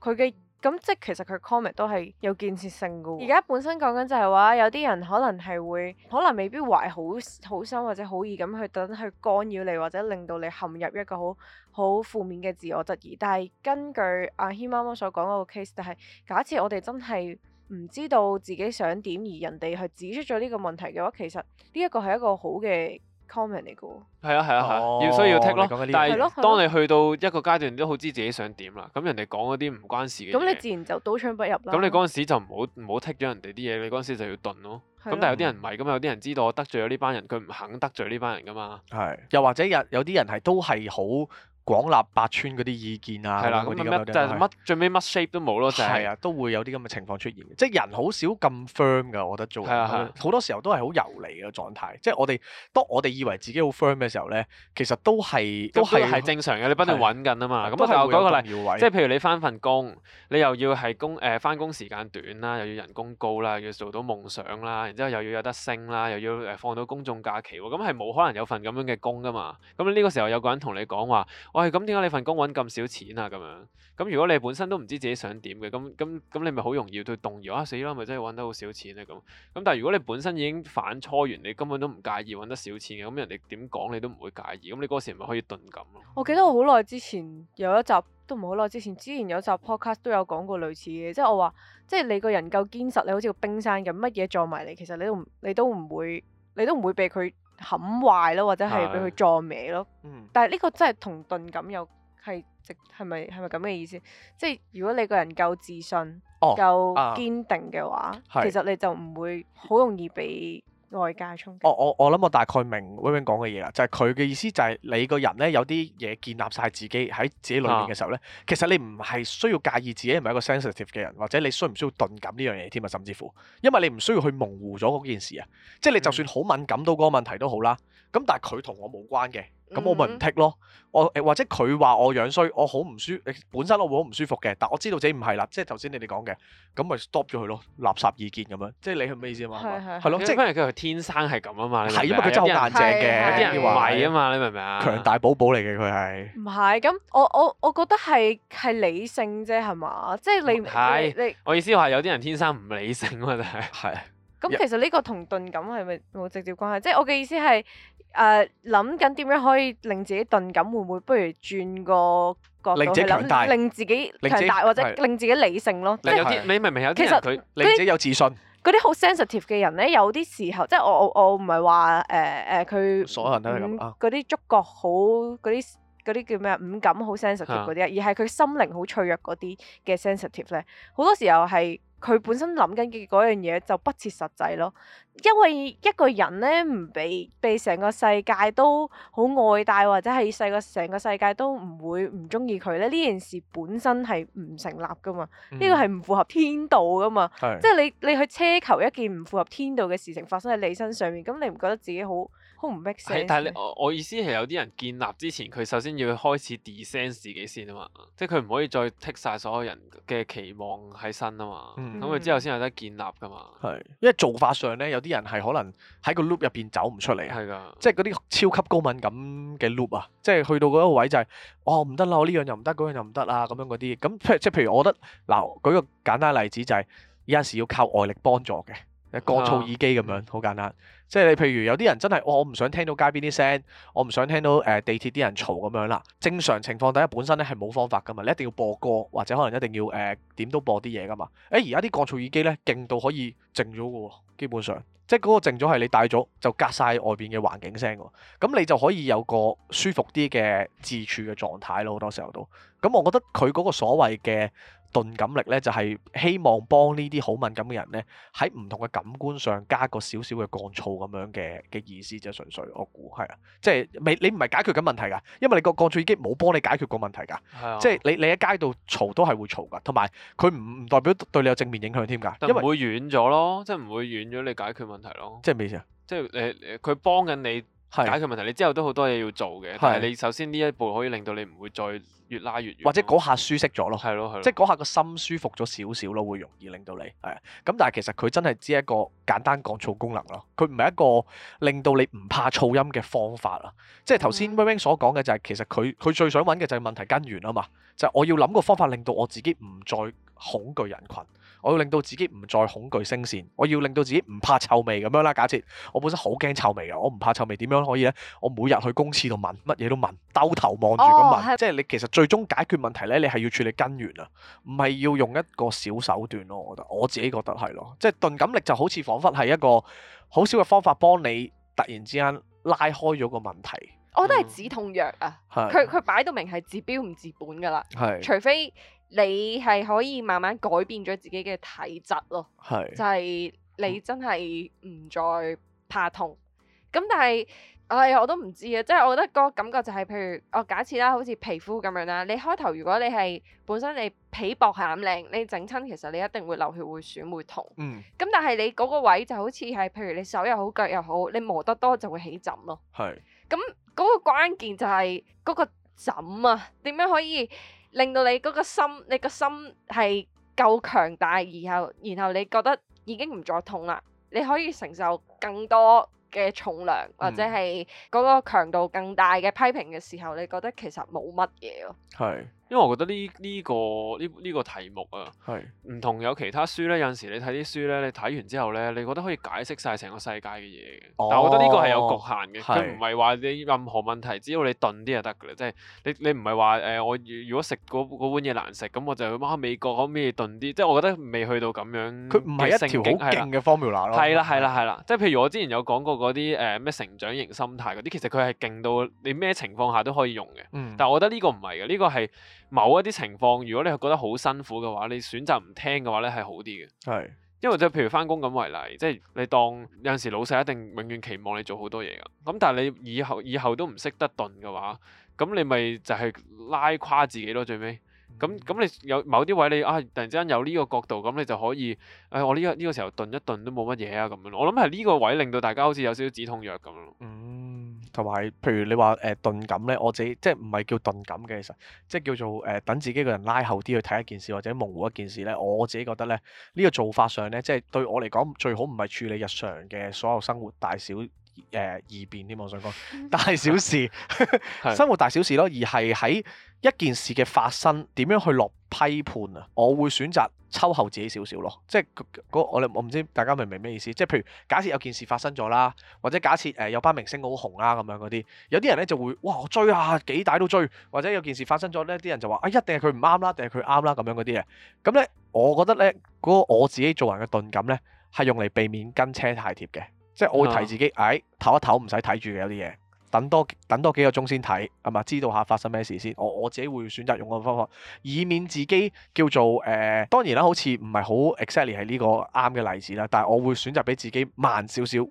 佢嘅。咁即係其實佢 comment 都係有建設性噶。而家本身講緊就係話，有啲人可能係會，可能未必懷好好心或者好意咁去等去干擾你，或者令到你陷入一個好好負面嘅自我質疑。但係根據阿軒媽媽所講嗰個 case，就係假設我哋真係唔知道自己想點，而人哋去指出咗呢個問題嘅話，其實呢一個係一個好嘅 comment 嚟噶喎，係啊係啊係，哦、要需要剔咯。但係當你去到一個階段， 都好知自己想點啦。咁人哋講嗰啲唔關事嘅，咁你自然就刀槍不入啦。咁你嗰陣時就唔好唔好剔咗人哋啲嘢，你嗰陣時就要鈍咯。咁的但係有啲人唔係，咁有啲人知道我得罪咗呢班人，佢唔肯得罪呢班人㗎嘛。係的，又或者有有啲人係都係好。廣納百川嗰啲意見啊，嗰啲咩就係乜最尾乜 shape 都冇咯，就係都會有啲咁嘅情況出現，即係人好少咁 firm 㗎，我覺得做人好多時候都係好游離嘅狀態，即係我哋當我哋以為自己好 firm 嘅時候咧，其實都係都係係正常嘅，你不斷揾緊啊嘛。咁我講個例，即係譬如你翻份工，你又要係工誒翻工時間短啦，又要人工高啦，要做到夢想啦，然之後又要有得升啦，又要誒放到公眾假期喎，咁係冇可能有份咁樣嘅工㗎嘛。咁呢個時候有個人同你講話。喂，咁點解你份工揾咁少錢啊？咁樣，咁如果你本身都唔知自己想點嘅，咁咁咁你咪好容易對動搖啊！死啦，咪真係揾得好少錢咧咁。咁但係如果你本身已經反初完，你根本都唔介意揾得少錢嘅，咁人哋點講你都唔會介意。咁你嗰時咪可以鈍感咯。我記得我好耐之前有一集，都唔好耐之前，之前有一集 podcast 都有講過類似嘅，即係我話，即係你個人夠堅實，你好似個冰山咁，乜嘢撞埋你，其實你都你都唔會你都唔會俾佢冚壞咯，或者係俾佢撞歪咯。嗯、但係呢個真係同鈍感有係，係咪係咪咁嘅意思？即係如果你個人夠自信、夠、哦、堅定嘅話，啊、其實你就唔會好容易俾。外界衝擊我。我我我諗我大概明威威講嘅嘢啦，就係佢嘅意思就係你個人咧，有啲嘢建立晒自己喺自己裏面嘅時候咧，啊、其實你唔係需要介意自己係咪一個 sensitive 嘅人，或者你需唔需要頓感呢樣嘢添啊，甚至乎，因為你唔需要去模糊咗嗰件事啊，即、就、係、是、你就算好敏感到嗰個問題都好啦。嗯嗯咁但係佢同我冇關嘅，咁我咪唔剔咯。我誒或者佢話我樣衰，我好唔舒，本身我會好唔舒服嘅。但我知道自己唔係啦，即係頭先你哋講嘅，咁咪 stop 咗佢咯。垃圾意見咁樣，即係你係咩意思啊？嘛？係。係咯，即係因為佢天生係咁啊嘛。係，因為佢真係好硬淨嘅，啲人唔係啊嘛，你明唔明啊？強大寶寶嚟嘅佢係。唔係，咁我我我覺得係係理性啫，係嘛？即係你你我意思話有啲人天生唔理性啊，真係。係。咁其實呢個同鈍感係咪冇直接關係？即係我嘅意思係。誒，諗緊點樣可以令自己鈍感？會唔會不如轉個角度去諗，令自己強大，令自己強大，或者令自己理性咯？的即係有啲你明唔明有其實？有啲人佢自己有自信，嗰啲好 sensitive 嘅人咧，有啲時候即係我我唔係話誒誒佢所有人都係咁，嗰啲觸覺好，嗰啲嗰啲叫咩啊？五感好 sensitive 嗰啲啊，而係佢心靈好脆弱嗰啲嘅 sensitive 咧，好多時候係。佢本身諗緊嘅嗰樣嘢就不切實際咯，因為一個人咧唔畀畀成個世界都好愛戴，或者係細個成個世界都唔會唔鍾意佢咧，呢件事本身係唔成立㗎嘛，呢個係唔符合天道㗎嘛，是的 即係你你去奢求一件唔符合天道嘅事情發生喺你身上面，咁你唔覺得自己好？係，但係你我，我意思係有啲人建立之前，佢首先要開始 design 自己先啊嘛，即係佢唔可以再 take 晒所有人嘅期望喺身啊嘛，咁佢、嗯、之後先有得建立噶嘛。係，因為做法上咧，有啲人係可能喺個 loop 入邊走唔出嚟，係噶的，即係嗰啲超級高敏感嘅 loop 啊，即係去到嗰個位就係、是，哦唔得啦，我呢樣又唔得，嗰樣又唔得啊，咁樣嗰啲，咁即係即係譬如我覺得，嗱，舉個簡單例子就係、是，有陣時要靠外力幫助嘅。嘅降噪耳機咁樣好簡單，即係你譬如有啲人真係、哦、我唔想聽到街邊啲聲，我唔想聽到誒、呃、地鐵啲人嘈咁樣啦。正常情況底下本身咧係冇方法噶嘛，你一定要播歌或者可能一定要誒點、呃、都播啲嘢噶嘛。誒而家啲降噪耳機咧勁到可以靜咗嘅喎，基本上即係嗰個靜咗係你戴咗就隔晒外邊嘅環境聲喎，咁你就可以有個舒服啲嘅自處嘅狀態咯。好多時候都，咁我覺得佢嗰個所謂嘅。鈍感力咧就係希望幫呢啲好敏感嘅人咧，喺唔同嘅感官上加個少少嘅降噪，咁樣嘅嘅意思。就純粹我估係啊，即係你你唔係解決緊問題噶，因為你個降噪已經冇幫你解決過問題噶，的即係你你喺街度嘈都係會嘈噶，同埋佢唔唔代表對你有正面影響添噶，因為唔會遠咗咯，即係唔會遠咗你解決問題咯，即係咩意思啊？即係誒，佢幫緊你。是解決問題，你之後都好多嘢要做嘅。是但係你首先呢一步可以令到你唔會再越拉越遠，或者嗰下舒適咗咯，係咯係咯，即係嗰下個心舒服咗少少咯，會容易令到你係咁。但係其實佢真係只係一個簡單降噪功能咯，佢唔係一個令到你唔怕噪音嘅方法啦。即係頭先 Wing Wing 所講嘅就係、是、其實佢佢最想揾嘅就係問題根源啊嘛，就係、我要諗個方法令到我自己唔再恐懼人群。我要令到自己唔再恐懼聲線，我要令到自己唔怕臭味咁樣啦。假設我本身好驚臭味嘅，我唔怕臭味點樣可以呢？我每日去公廁度聞，乜嘢都聞，兜頭望住咁聞。哦、即係你其實最終解決問題呢，你係要處理根源啊，唔係要用一個小手段咯。我覺得我自己覺得係咯，即係鈍感力就好似仿佛係一個好少嘅方法，幫你突然之間拉開咗個問題。我覺得係止痛藥啊，佢佢擺到明係治標唔治本噶啦，是的 除非。你係可以慢慢改變咗自己嘅體質咯，是就係你真係唔再怕痛。咁、嗯、但係，唉、哎，我都唔知啊。即、就、係、是、我覺得個感覺就係、是，譬如我假設啦，好似皮膚咁樣啦，你開頭如果你係本身你皮薄餡靚，你整親其實你一定會流血、會損、會痛。嗯。咁但係你嗰個位就好似係，譬如你手又好、腳又好，你磨得多就會起枕咯。係是。咁嗰個關鍵就係嗰個枕啊，點樣可以？令到你嗰個心，你個心係夠強大，然後然後你覺得已經唔再痛啦，你可以承受更多嘅重量，或者係嗰個強度更大嘅批評嘅時候，你覺得其實冇乜嘢咯。係。因為我覺得呢呢個呢呢個題目啊，係唔是同有其他書咧。有時你睇啲書咧，你睇完之後咧，你覺得可以解釋晒成個世界嘅嘢嘅。哦、但係我覺得呢個係有局限嘅，佢唔係話你任何問題，只要你鈍啲就得㗎啦。即係你你唔係話誒，我如果食嗰碗嘢難食，咁我就去乜、啊、美國嗰邊鈍啲。即係我覺得未去到咁樣經，佢唔係一條好勁嘅 formula 咯。係啦係啦係啦，即係譬如我之前有講過嗰啲誒咩成長型心態嗰啲，其實佢係勁到你咩情況下都可以用嘅。但係我覺得呢個唔係嘅，呢個係。呢個某一啲情況，如果你係覺得好辛苦嘅話，你選擇唔聽嘅話咧，係好啲嘅，係是因為即係譬如翻工咁為例，即係你當有陣時老細一定永遠期望你做好多嘢㗎，咁但係你以後以後都唔識得頓嘅話，咁你咪就係拉垮自己咯，最尾。咁咁、嗯嗯、你有某啲位你啊突然之間有呢個角度，咁你就可以，誒、哎、我呢、這個呢、呢個時候頓一頓都冇乜嘢啊咁樣。我諗係呢個位令到大家好似有少少止痛藥咁咯。嗯，同埋譬如你話誒、呃、頓感咧，我自己即係唔係叫頓感嘅其實，即係叫做誒、呃、等自己個人拉後啲去睇一件事或者模糊一件事咧。我自己覺得咧呢、呢個做法上咧，即係對我嚟講最好唔係處理日常嘅所有生活大小誒、呃、異變添，我想講大小事， 生活大小事咯，而係喺。一件事嘅發生點樣去落批判啊？我會選擇抽後自己少少咯，即係我哋我唔知大家明唔明咩意思？即係譬如假設有件事發生咗啦，或者假設誒有班明星好紅啊咁樣嗰啲，有啲人咧就會哇我追啊幾大都追，或者有件事發生咗呢，啲人就話啊、哎、一定係佢唔啱啦，定係佢啱啦咁樣嗰啲嘢。咁呢，我覺得呢嗰、嗰個我自己做人嘅鈍感呢，係用嚟避免跟車太貼嘅，即係我會提自己，唉、啊哎，唞一唞，唔使睇住嘅有啲嘢。等多等多幾個鐘先睇，係咪知道下發生咩事先？我我自己會選擇用個方法，以免自己叫做誒、呃。當然啦，好似唔係好 exactly 係呢個啱嘅例子啦，但係我會選擇俾自己慢少少，遲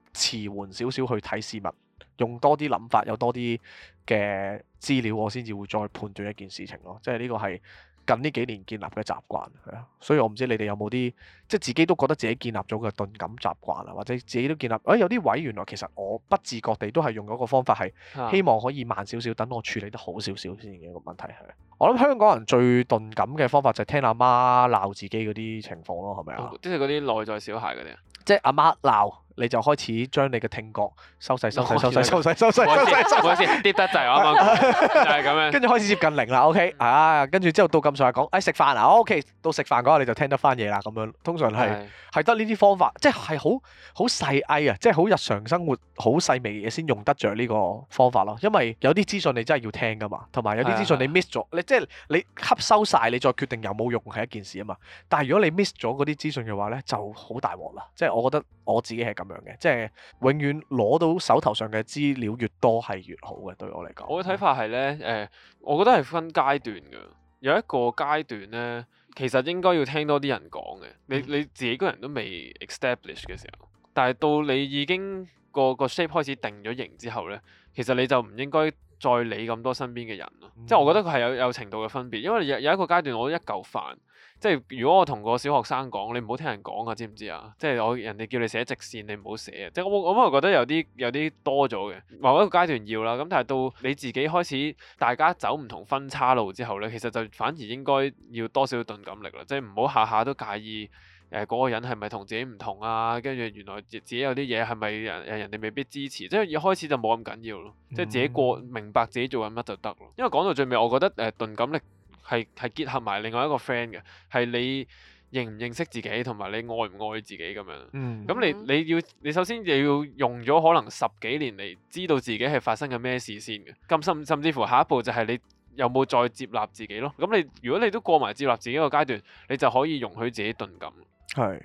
緩少少去睇事物，用多啲諗法，有多啲嘅資料，我先至會再判斷一件事情咯。即係呢個係。近呢幾年建立嘅習慣係啊，所以我唔知你哋有冇啲即係自己都覺得自己建立咗嘅鈍感習慣啊，或者自己都建立，誒、哎、有啲位原來其實我不自覺地都係用咗個方法，係希望可以慢少少，等我處理得好少少先嘅一、這個問題係。我諗香港人最鈍感嘅方法就係聽阿媽鬧自己嗰啲情況咯，係咪啊？即係嗰啲內在小孩嗰啲即係阿媽鬧。你就開始將你嘅聽覺收細、收細、收細、收細、收細。唔好意思，跌得滯我啱啱就係咁樣，跟住開始接近零啦。OK，啊，跟住之後到咁上下講，誒、食飯啊。OK，到食飯嗰下你就聽得翻嘢啦。咁樣通常係係得呢啲方法，即係好好細翳啊，即係好日常生活好細微嘢先用得着呢個方法咯。因為有啲資訊你真係要聽噶嘛，同埋有啲資訊你 miss 咗，你即係你吸收晒，你再決定有冇用係一件事啊嘛。但係如果你 miss 咗嗰啲資訊嘅話咧，就好大鑊啦。即係我覺得我自己係咁。咁樣嘅，即係永遠攞到手頭上嘅資料越多係越好嘅。對我嚟講，我嘅睇法係咧，誒、呃，我覺得係分階段㗎。有一個階段咧，其實應該要聽多啲人講嘅，你你自己個人都未 establish 嘅時候，但係到你已經個個 shape 開始定咗型之後咧，其實你就唔應該再理咁多身邊嘅人咯。嗯、即係我覺得佢係有有程度嘅分別，因為有有一個階段我一嚿飯。即係如果我同個小學生講，你唔好聽人講啊，知唔知啊？即係我人哋叫你寫直線，你唔好寫啊！即係我我覺得有啲有啲多咗嘅，某一個階段要啦。咁但係到你自己開始大家走唔同分叉路之後咧，其實就反而應該要多少頓感力啦。即係唔好下下都介意誒嗰、呃那個人係咪同自己唔同啊？跟住原來自己有啲嘢係咪人人哋未必支持？即係一開始就冇咁緊要咯。嗯、即係自己過明白自己做緊乜就得咯。因為講到最尾，我覺得誒、呃、頓感力。係係結合埋另外一個 friend 嘅，係你認唔認識自己，同埋你愛唔愛自己咁樣。嗯，咁你你要你首先就要用咗可能十幾年嚟，知道自己係發生緊咩事先嘅，咁甚甚至乎下一步就係你有冇再接納自己咯。咁你如果你都過埋接納自己個階段，你就可以容許自己鈍感。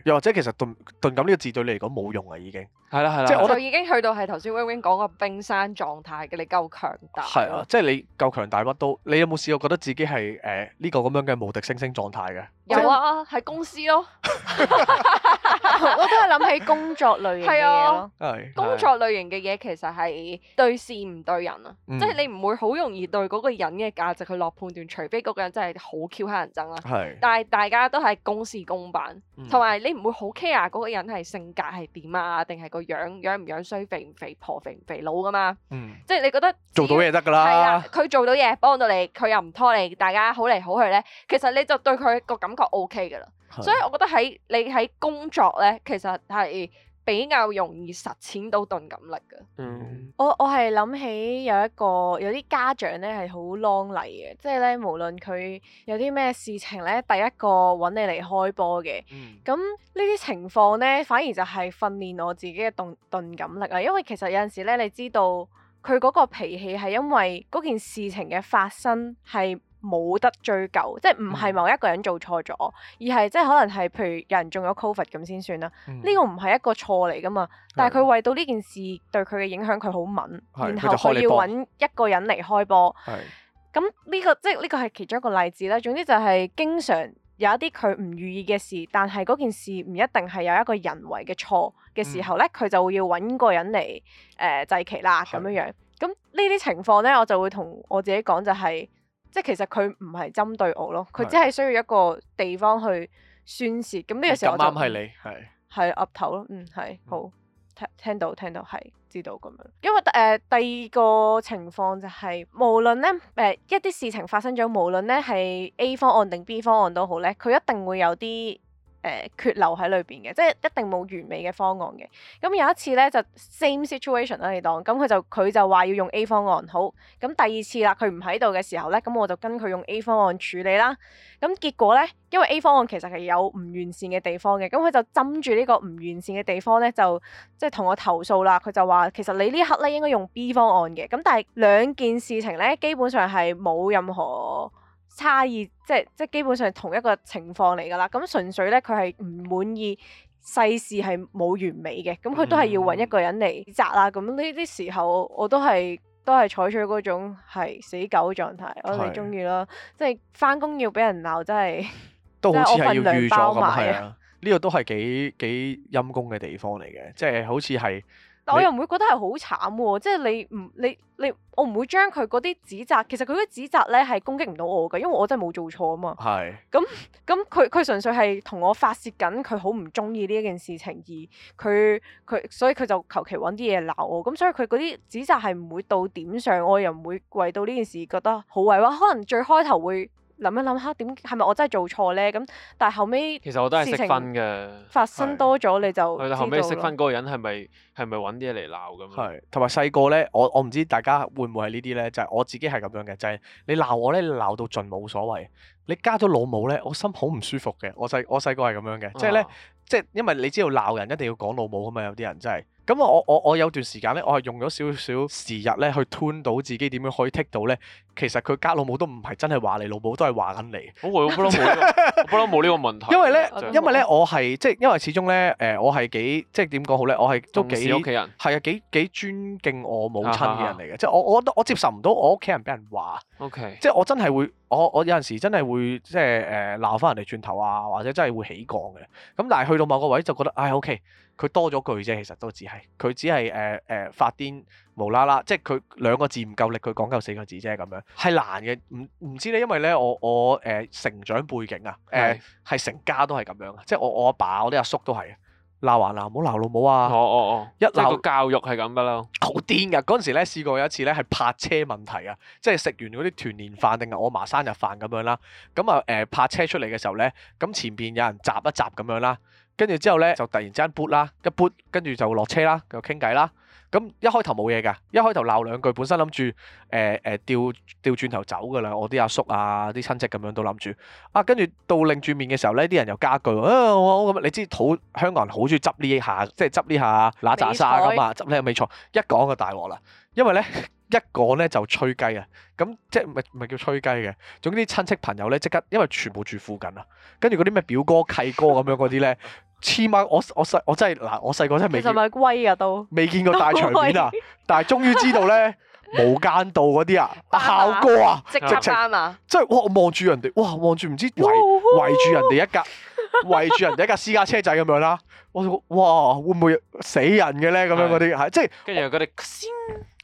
又或者其實鈍鈍感呢個字對你嚟講冇用啊，已經係啦係啦，我的就已經去到係頭先 Wing Wing 講個冰山狀態嘅，你夠強大係啊，即係你夠強大乜都，你有冇試過覺得自己係誒呢個咁樣嘅無敵星星狀態嘅？有啊，喺、就係、公司咯。 我都係諗起工作類型嘅嘢、啊、對工作類型嘅嘢其實係對事唔對人啊，即係、嗯、你唔會好容易對嗰個人嘅價值去落判斷，嗯、除非嗰個人真係好 Q 黑人憎啦。是但係大家都係公事公辦，同埋、嗯、你唔會好 care 嗰個人係性格係點啊，定係個樣樣唔樣衰，肥唔肥婆肥肥，肥唔肥老噶嘛。即係、嗯、你覺得做到嘢得噶啦，佢、啊、做到嘢幫到你，佢又唔拖你，大家好嚟好去咧，其實你就對佢個感覺 OK 噶啦。所以我覺得喺你喺工作咧，其實係比較容易實踐到鈍感力嘅、嗯。我我係諗起有一個有啲家長咧，係好狼嚟嘅，即係咧，無論佢有啲咩事情咧，第一個揾你嚟開波嘅。咁呢啲情況咧，反而就係訓練我自己嘅鈍鈍感力啊。因為其實有陣時咧，你知道佢嗰個脾氣係因為嗰件事情嘅發生係。冇得追究，即係唔係某一個人做錯咗，而係即係可能係譬如有人中咗 Covid 咁先算啦。呢個唔係一個錯嚟噶嘛，但係佢為到呢件事對佢嘅影響佢好敏，然後佢要揾一個人嚟開波，咁呢個即係呢個係其中一個例子啦。總之就係經常有一啲佢唔如意嘅事，但係嗰件事唔一定係有一個人為嘅錯嘅時候咧，佢就會要揾個人嚟誒祭旗啦咁樣樣，咁呢啲情況咧，我就會同我自己講就係。即係其實佢唔係針對我咯，佢只係需要一個地方去宣泄。咁呢個時候我就啱係你係係額頭咯。嗯，係好聽聽到聽到係知道咁樣。因為誒、呃、第二個情況就係、是、無論咧誒一啲事情發生咗，無論咧係 A 方案定 B 方案都好咧，佢一定會有啲。誒、呃、缺漏喺裏邊嘅，即係一定冇完美嘅方案嘅。咁有一次咧就 same situation 啦，你當咁佢就佢就話要用 A 方案好。咁第二次啦，佢唔喺度嘅時候咧，咁我就跟佢用 A 方案處理啦。咁結果咧，因為 A 方案其實係有唔完善嘅地方嘅，咁佢就針住呢個唔完善嘅地方咧，就即係同我投訴啦。佢就話其實你呢一刻咧應該用 B 方案嘅。咁但係兩件事情咧，基本上係冇任何。差異即係即係基本上係同一個情況嚟㗎啦，咁純粹咧佢係唔滿意世事係冇完美嘅，咁佢都係要搵一個人嚟責啦。咁呢啲時候我都係都係採取嗰種係死狗狀態，我哋中意啦。即係翻工要俾人鬧，真係都好似係要預咗咁。係啊，呢個都係幾幾陰公嘅地方嚟嘅，即係好似係。.但我又唔會覺得係好慘喎，即係你唔你你，你我唔會將佢嗰啲指責，其實佢嗰啲指責咧係攻擊唔到我嘅，因為我真係冇做錯啊嘛。係。 咁咁佢佢純粹係同我發泄緊，佢好唔中意呢一件事情，而佢佢所以佢就求其揾啲嘢鬧我，咁所以佢嗰啲指責係唔會到點上，我又唔會為到呢件事覺得好委屈，可能最開頭會。諗一諗下，點係咪我真係做錯咧？咁但係後尾，其實我都係識分嘅。發生多咗是你就，但係後尾識分嗰個人係咪係咪揾啲嘢嚟鬧咁？係同埋細個咧，我我唔知大家會唔會係呢啲咧？就係、是、我自己係咁樣嘅，就係、是、你鬧我咧，你鬧到盡冇所謂。你加咗老母咧，我心好唔舒服嘅。我細我細個係咁樣嘅，即係咧，即係、uh huh. 因為你知道鬧人一定要講老母啊嘛，有啲人真係。咁啊，我我我有段時間咧，我係用咗少少時日咧去斷到自己點樣可以剔到咧。其實佢家老母都唔係真係話你老母，都係話緊你。好，不嬲冇呢個，不嬲冇呢個問題。因為咧， 因為咧，我係即係因為始終咧，誒、呃，我係幾即係點講好咧？我係都幾屋企人係啊，幾幾尊敬我母親嘅人嚟嘅。啊、即係我，我我，我接受唔到我屋企人俾人話。O Okay . K，即係我真係會，我我有陣時真係會即係誒鬧翻人哋轉頭啊，或者真係會起槓嘅。咁但係去到某個位就覺得，唉，O K。Okay, 佢多咗句啫，其實都只係佢只係誒誒發癲無啦啦，即係佢兩個字唔夠力，佢講夠四個字啫咁樣，係難嘅。唔唔知咧，因為咧我我誒、呃、成長背景啊，誒係成家都係咁樣啊，即係我我阿爸我啲阿叔，叔都係鬧還鬧，唔好鬧老母啊。哦哦哦，一鬧個教育係咁噶啦。好癲噶。嗰陣時咧，試過有一次咧係泊車問題啊，即係食完嗰啲團年飯定係我嫲生日飯咁樣啦。咁啊誒、啊呃、泊車出嚟嘅時候咧，咁前邊有人閘一閘咁樣啦、啊。跟住之後呢，就突然之間撥啦，一撥，跟住就落車啦，就傾偈啦。咁一開頭冇嘢噶，一開頭鬧兩句，本身諗住誒誒掉掉轉頭走噶啦，我啲阿叔,叔啊，啲親戚咁樣都諗住啊。跟住到另轉面嘅時候呢，啲人又加句啊，我、啊、咁、啊、你知土香港人好中意執呢下，即係執呢下揦渣沙噶嘛，執呢又未錯。一講就大鑊啦，因為呢，一講呢就吹雞啊，咁即係唔係叫吹雞嘅？總之親戚朋友呢，即刻，因為全部住附近啊，跟住嗰啲咩表哥契哥咁樣嗰啲呢。 千萬我我細我真係嗱，我細個真係未見過。係咪威啊都？未見過大場面啊！但係終於知道咧，無間道嗰啲啊，孝哥啊，即刻閂啊！即係哇，我望住人哋哇，望住唔知圍圍住人哋一架、哦哦哦哦、圍住人哋一架 私家車仔咁樣啦。我就哇，會唔會死人嘅咧？咁樣嗰啲係即係。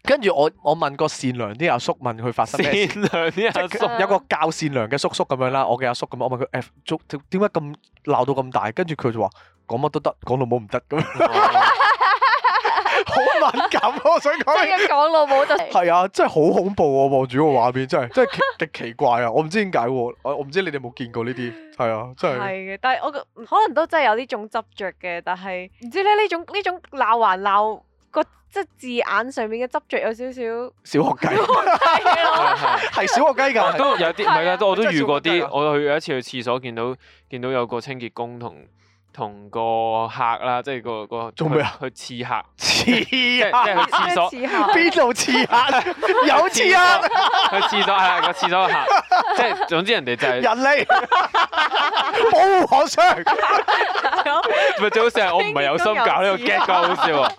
跟住我，我問個善良啲阿叔問佢發生咩事，善良啲阿叔有個教善良嘅叔叔咁樣啦，我嘅阿叔咁，我問佢誒，做點解咁鬧到咁大？跟住佢就話講乜都得，講到冇唔得咁樣，我 好敏感咯。 我想講咩講到冇就係、是、 啊，真係好恐怖、啊。我望住個畫面真係，真係極奇怪啊！我唔知點解、啊，我我唔知你哋有冇見過呢啲，係啊，真係。係嘅，但係我可能都真係有呢種執着嘅，但係唔知咧呢種呢種鬧還鬧。個即係字眼上面嘅執着有少少小學雞，係小學雞噶都有啲。唔係啦，都我都遇過啲。我去有一次去廁所見到見到有個清潔工同同個客啦，即係個個做咩啊？去刺客，刺即係去廁所，邊度刺客咧？有刺客，去廁所係個廁所客，即係總之人哋就係人嚟，保護學生。咪最好成日我唔係有心搞呢個 get，好笑啊！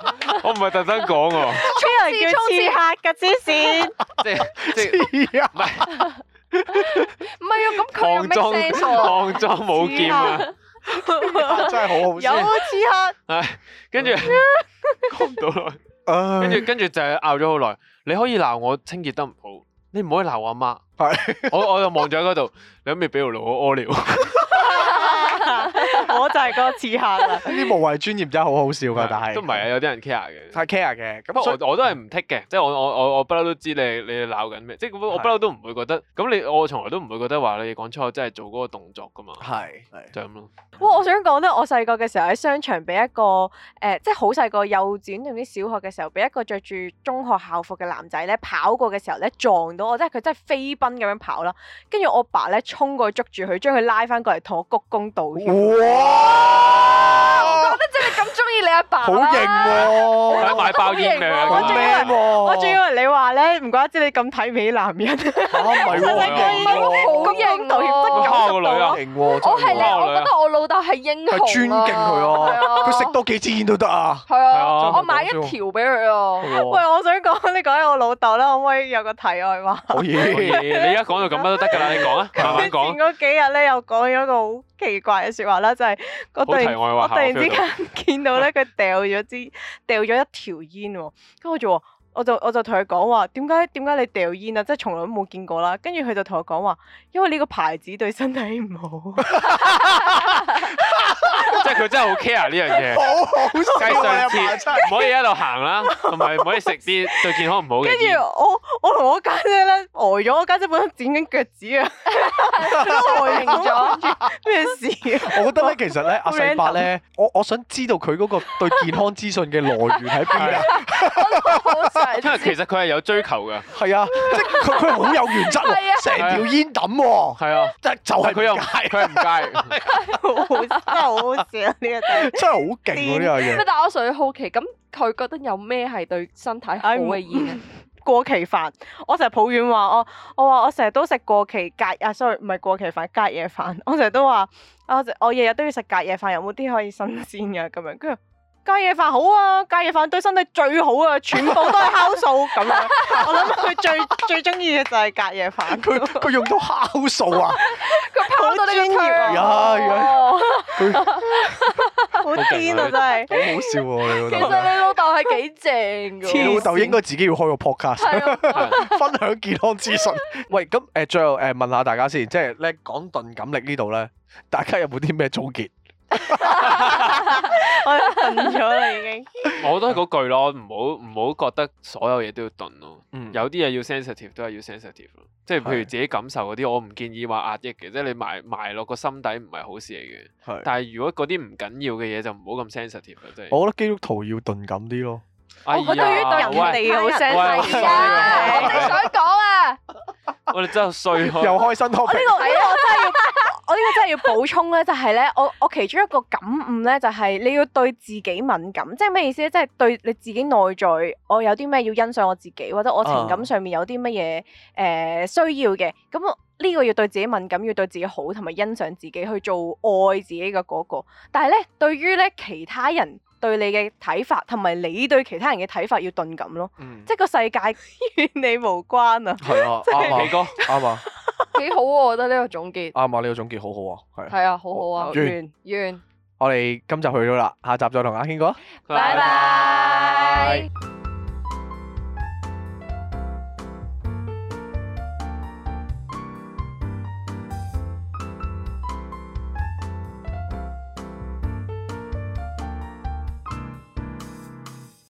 我唔係特登講喎，初次初次客嘅芝士，即係即係啊！唔係！唔係啊，咁抗裝抗裝武劍啊，真係好好笑，有刺客，係跟住講唔到耐，跟住跟住就係拗咗好耐。你可以鬧我清潔得唔好，你唔可以鬧阿媽。係我我就望住喺嗰度，你可唔可以俾條路我屙尿？ 我就係個刺客啦！啲 無謂專業真係好好笑㗎， 但係都唔係啊，有啲人 care 嘅，太 care 嘅。咁以我都係唔 tick 嘅，嗯、即係我我我我不嬲都知你你鬧緊咩，即係是我不嬲都唔會覺得。咁你我從來都唔會覺得話你講錯，真係做嗰個動作㗎嘛。係就咁咯。哇！我想講咧，我細個嘅時候喺商場俾一個誒、呃，即係好細個幼稚園定唔知小學嘅時候，俾一個着住中學校服嘅男仔咧跑過嘅時候咧撞到我，即係佢真係飛奔咁樣跑啦。跟住我爸咧衝過去捉住佢，將佢拉翻過嚟同我鞠躬道歉。哦。哇！我覺得即係咁中意你阿爸，好型喎，想買包煙糧咁咩？我仲以為你話咧，唔怪之你咁睇美男人，真係型，好型，道歉得唔得？我老豆係英雄，尊敬佢啊！佢食多幾支煙都得啊！係啊，我買一條俾佢咯。喂，我想講你講下我老豆啦，可唔可以有個題外話？好以，你而家講到咁樣都得噶啦，你講啊，慢慢講。幾日咧又講咗個。奇怪嘅説話啦，就係、是、我突然我突然之間到見到咧，佢掉咗支，掉咗 一條煙喎，跟住我就話。我就我就同佢講話，點解點解你掉煙啊？即係從來都冇見過啦。跟住佢就同我講話，因為呢個牌子對身體唔好。即係佢真係好 care 呢樣嘢。好，好，上天唔可以喺度行啦，同埋唔可以食啲對健康唔好嘅煙。跟住我我同我家姐咧呆咗，我家姐本身剪緊腳趾啊，都呆咗，咩事？我覺得咧，其實咧，阿細伯咧，我我想知道佢嗰個對健康資訊嘅來源喺邊啊。因為其實佢係有追求噶，係啊， 即係佢佢好有原則，成條煙抌，係啊，但係就係佢又戒，佢又唔戒。好好 真係好好笑啊，呢個真係好勁喎呢樣嘢。啊、但我常要好奇，咁佢覺得有咩係對身體好嘅煙咧？哎、 過期飯，我成日抱怨話我，我話我成日都食過期隔日、啊，sorry，唔係過期飯，隔夜飯，我成日都話啊，我我日日都要食隔夜飯，有冇啲可以新鮮嘅咁樣？跟住。隔夜飯好啊，隔夜飯對身體最好啊，全部都係酵素，咁我諗佢最最中意嘅就係隔夜飯。佢佢用到酵素啊？佢拋 到好專業啊！ 好癲啊！真係好笑喎！ 病你老豆係幾正？你老豆應該自己要開個 podcast， 分享健康資訊。 喂，咁誒最後誒問下大家先，即係咧講鈍感力呢度咧，大家有冇啲咩總結？ 我鈍咗啦，已經 我。我都係嗰句咯，唔好唔好覺得所有嘢都要鈍咯。嗯，有啲嘢要 sensitive 都係要 sensitive 咯。即係譬如自己感受嗰啲，是我唔建議話壓抑嘅，是即係你埋埋落個心底唔係好事嚟嘅。是但係如果嗰啲唔緊要嘅嘢就唔好咁 sensitive 咯是。即係。是我覺得基督徒要鈍感啲咯。我對於人與地我哋想講啊。哎 我哋真係衰 又開心，我呢、這個、哎、我真係要， 我呢個真係要補充咧，就係、是、咧，我我其中一個感悟咧、就是，就係你要對自己敏感，即係咩意思咧？即、就、係、是、對你自己內在，我有啲咩要欣賞我自己，或者我情感上面有啲乜嘢誒需要嘅，咁呢個要對自己敏感，要對自己好，同埋欣賞自己，去做愛自己嘅嗰、那個。但係咧，對於咧其他人。對你嘅睇法同埋你對其他人嘅睇法要鈍感囉，即係個世界與你無關啊！係啊，阿 Him 哥啱嘛？幾好啊！我覺得呢個總結，啱嘛？呢個總結好好啊！係啊，好好啊！完完，我哋今集去咗啦，下集再同阿 Him 哥。拜拜。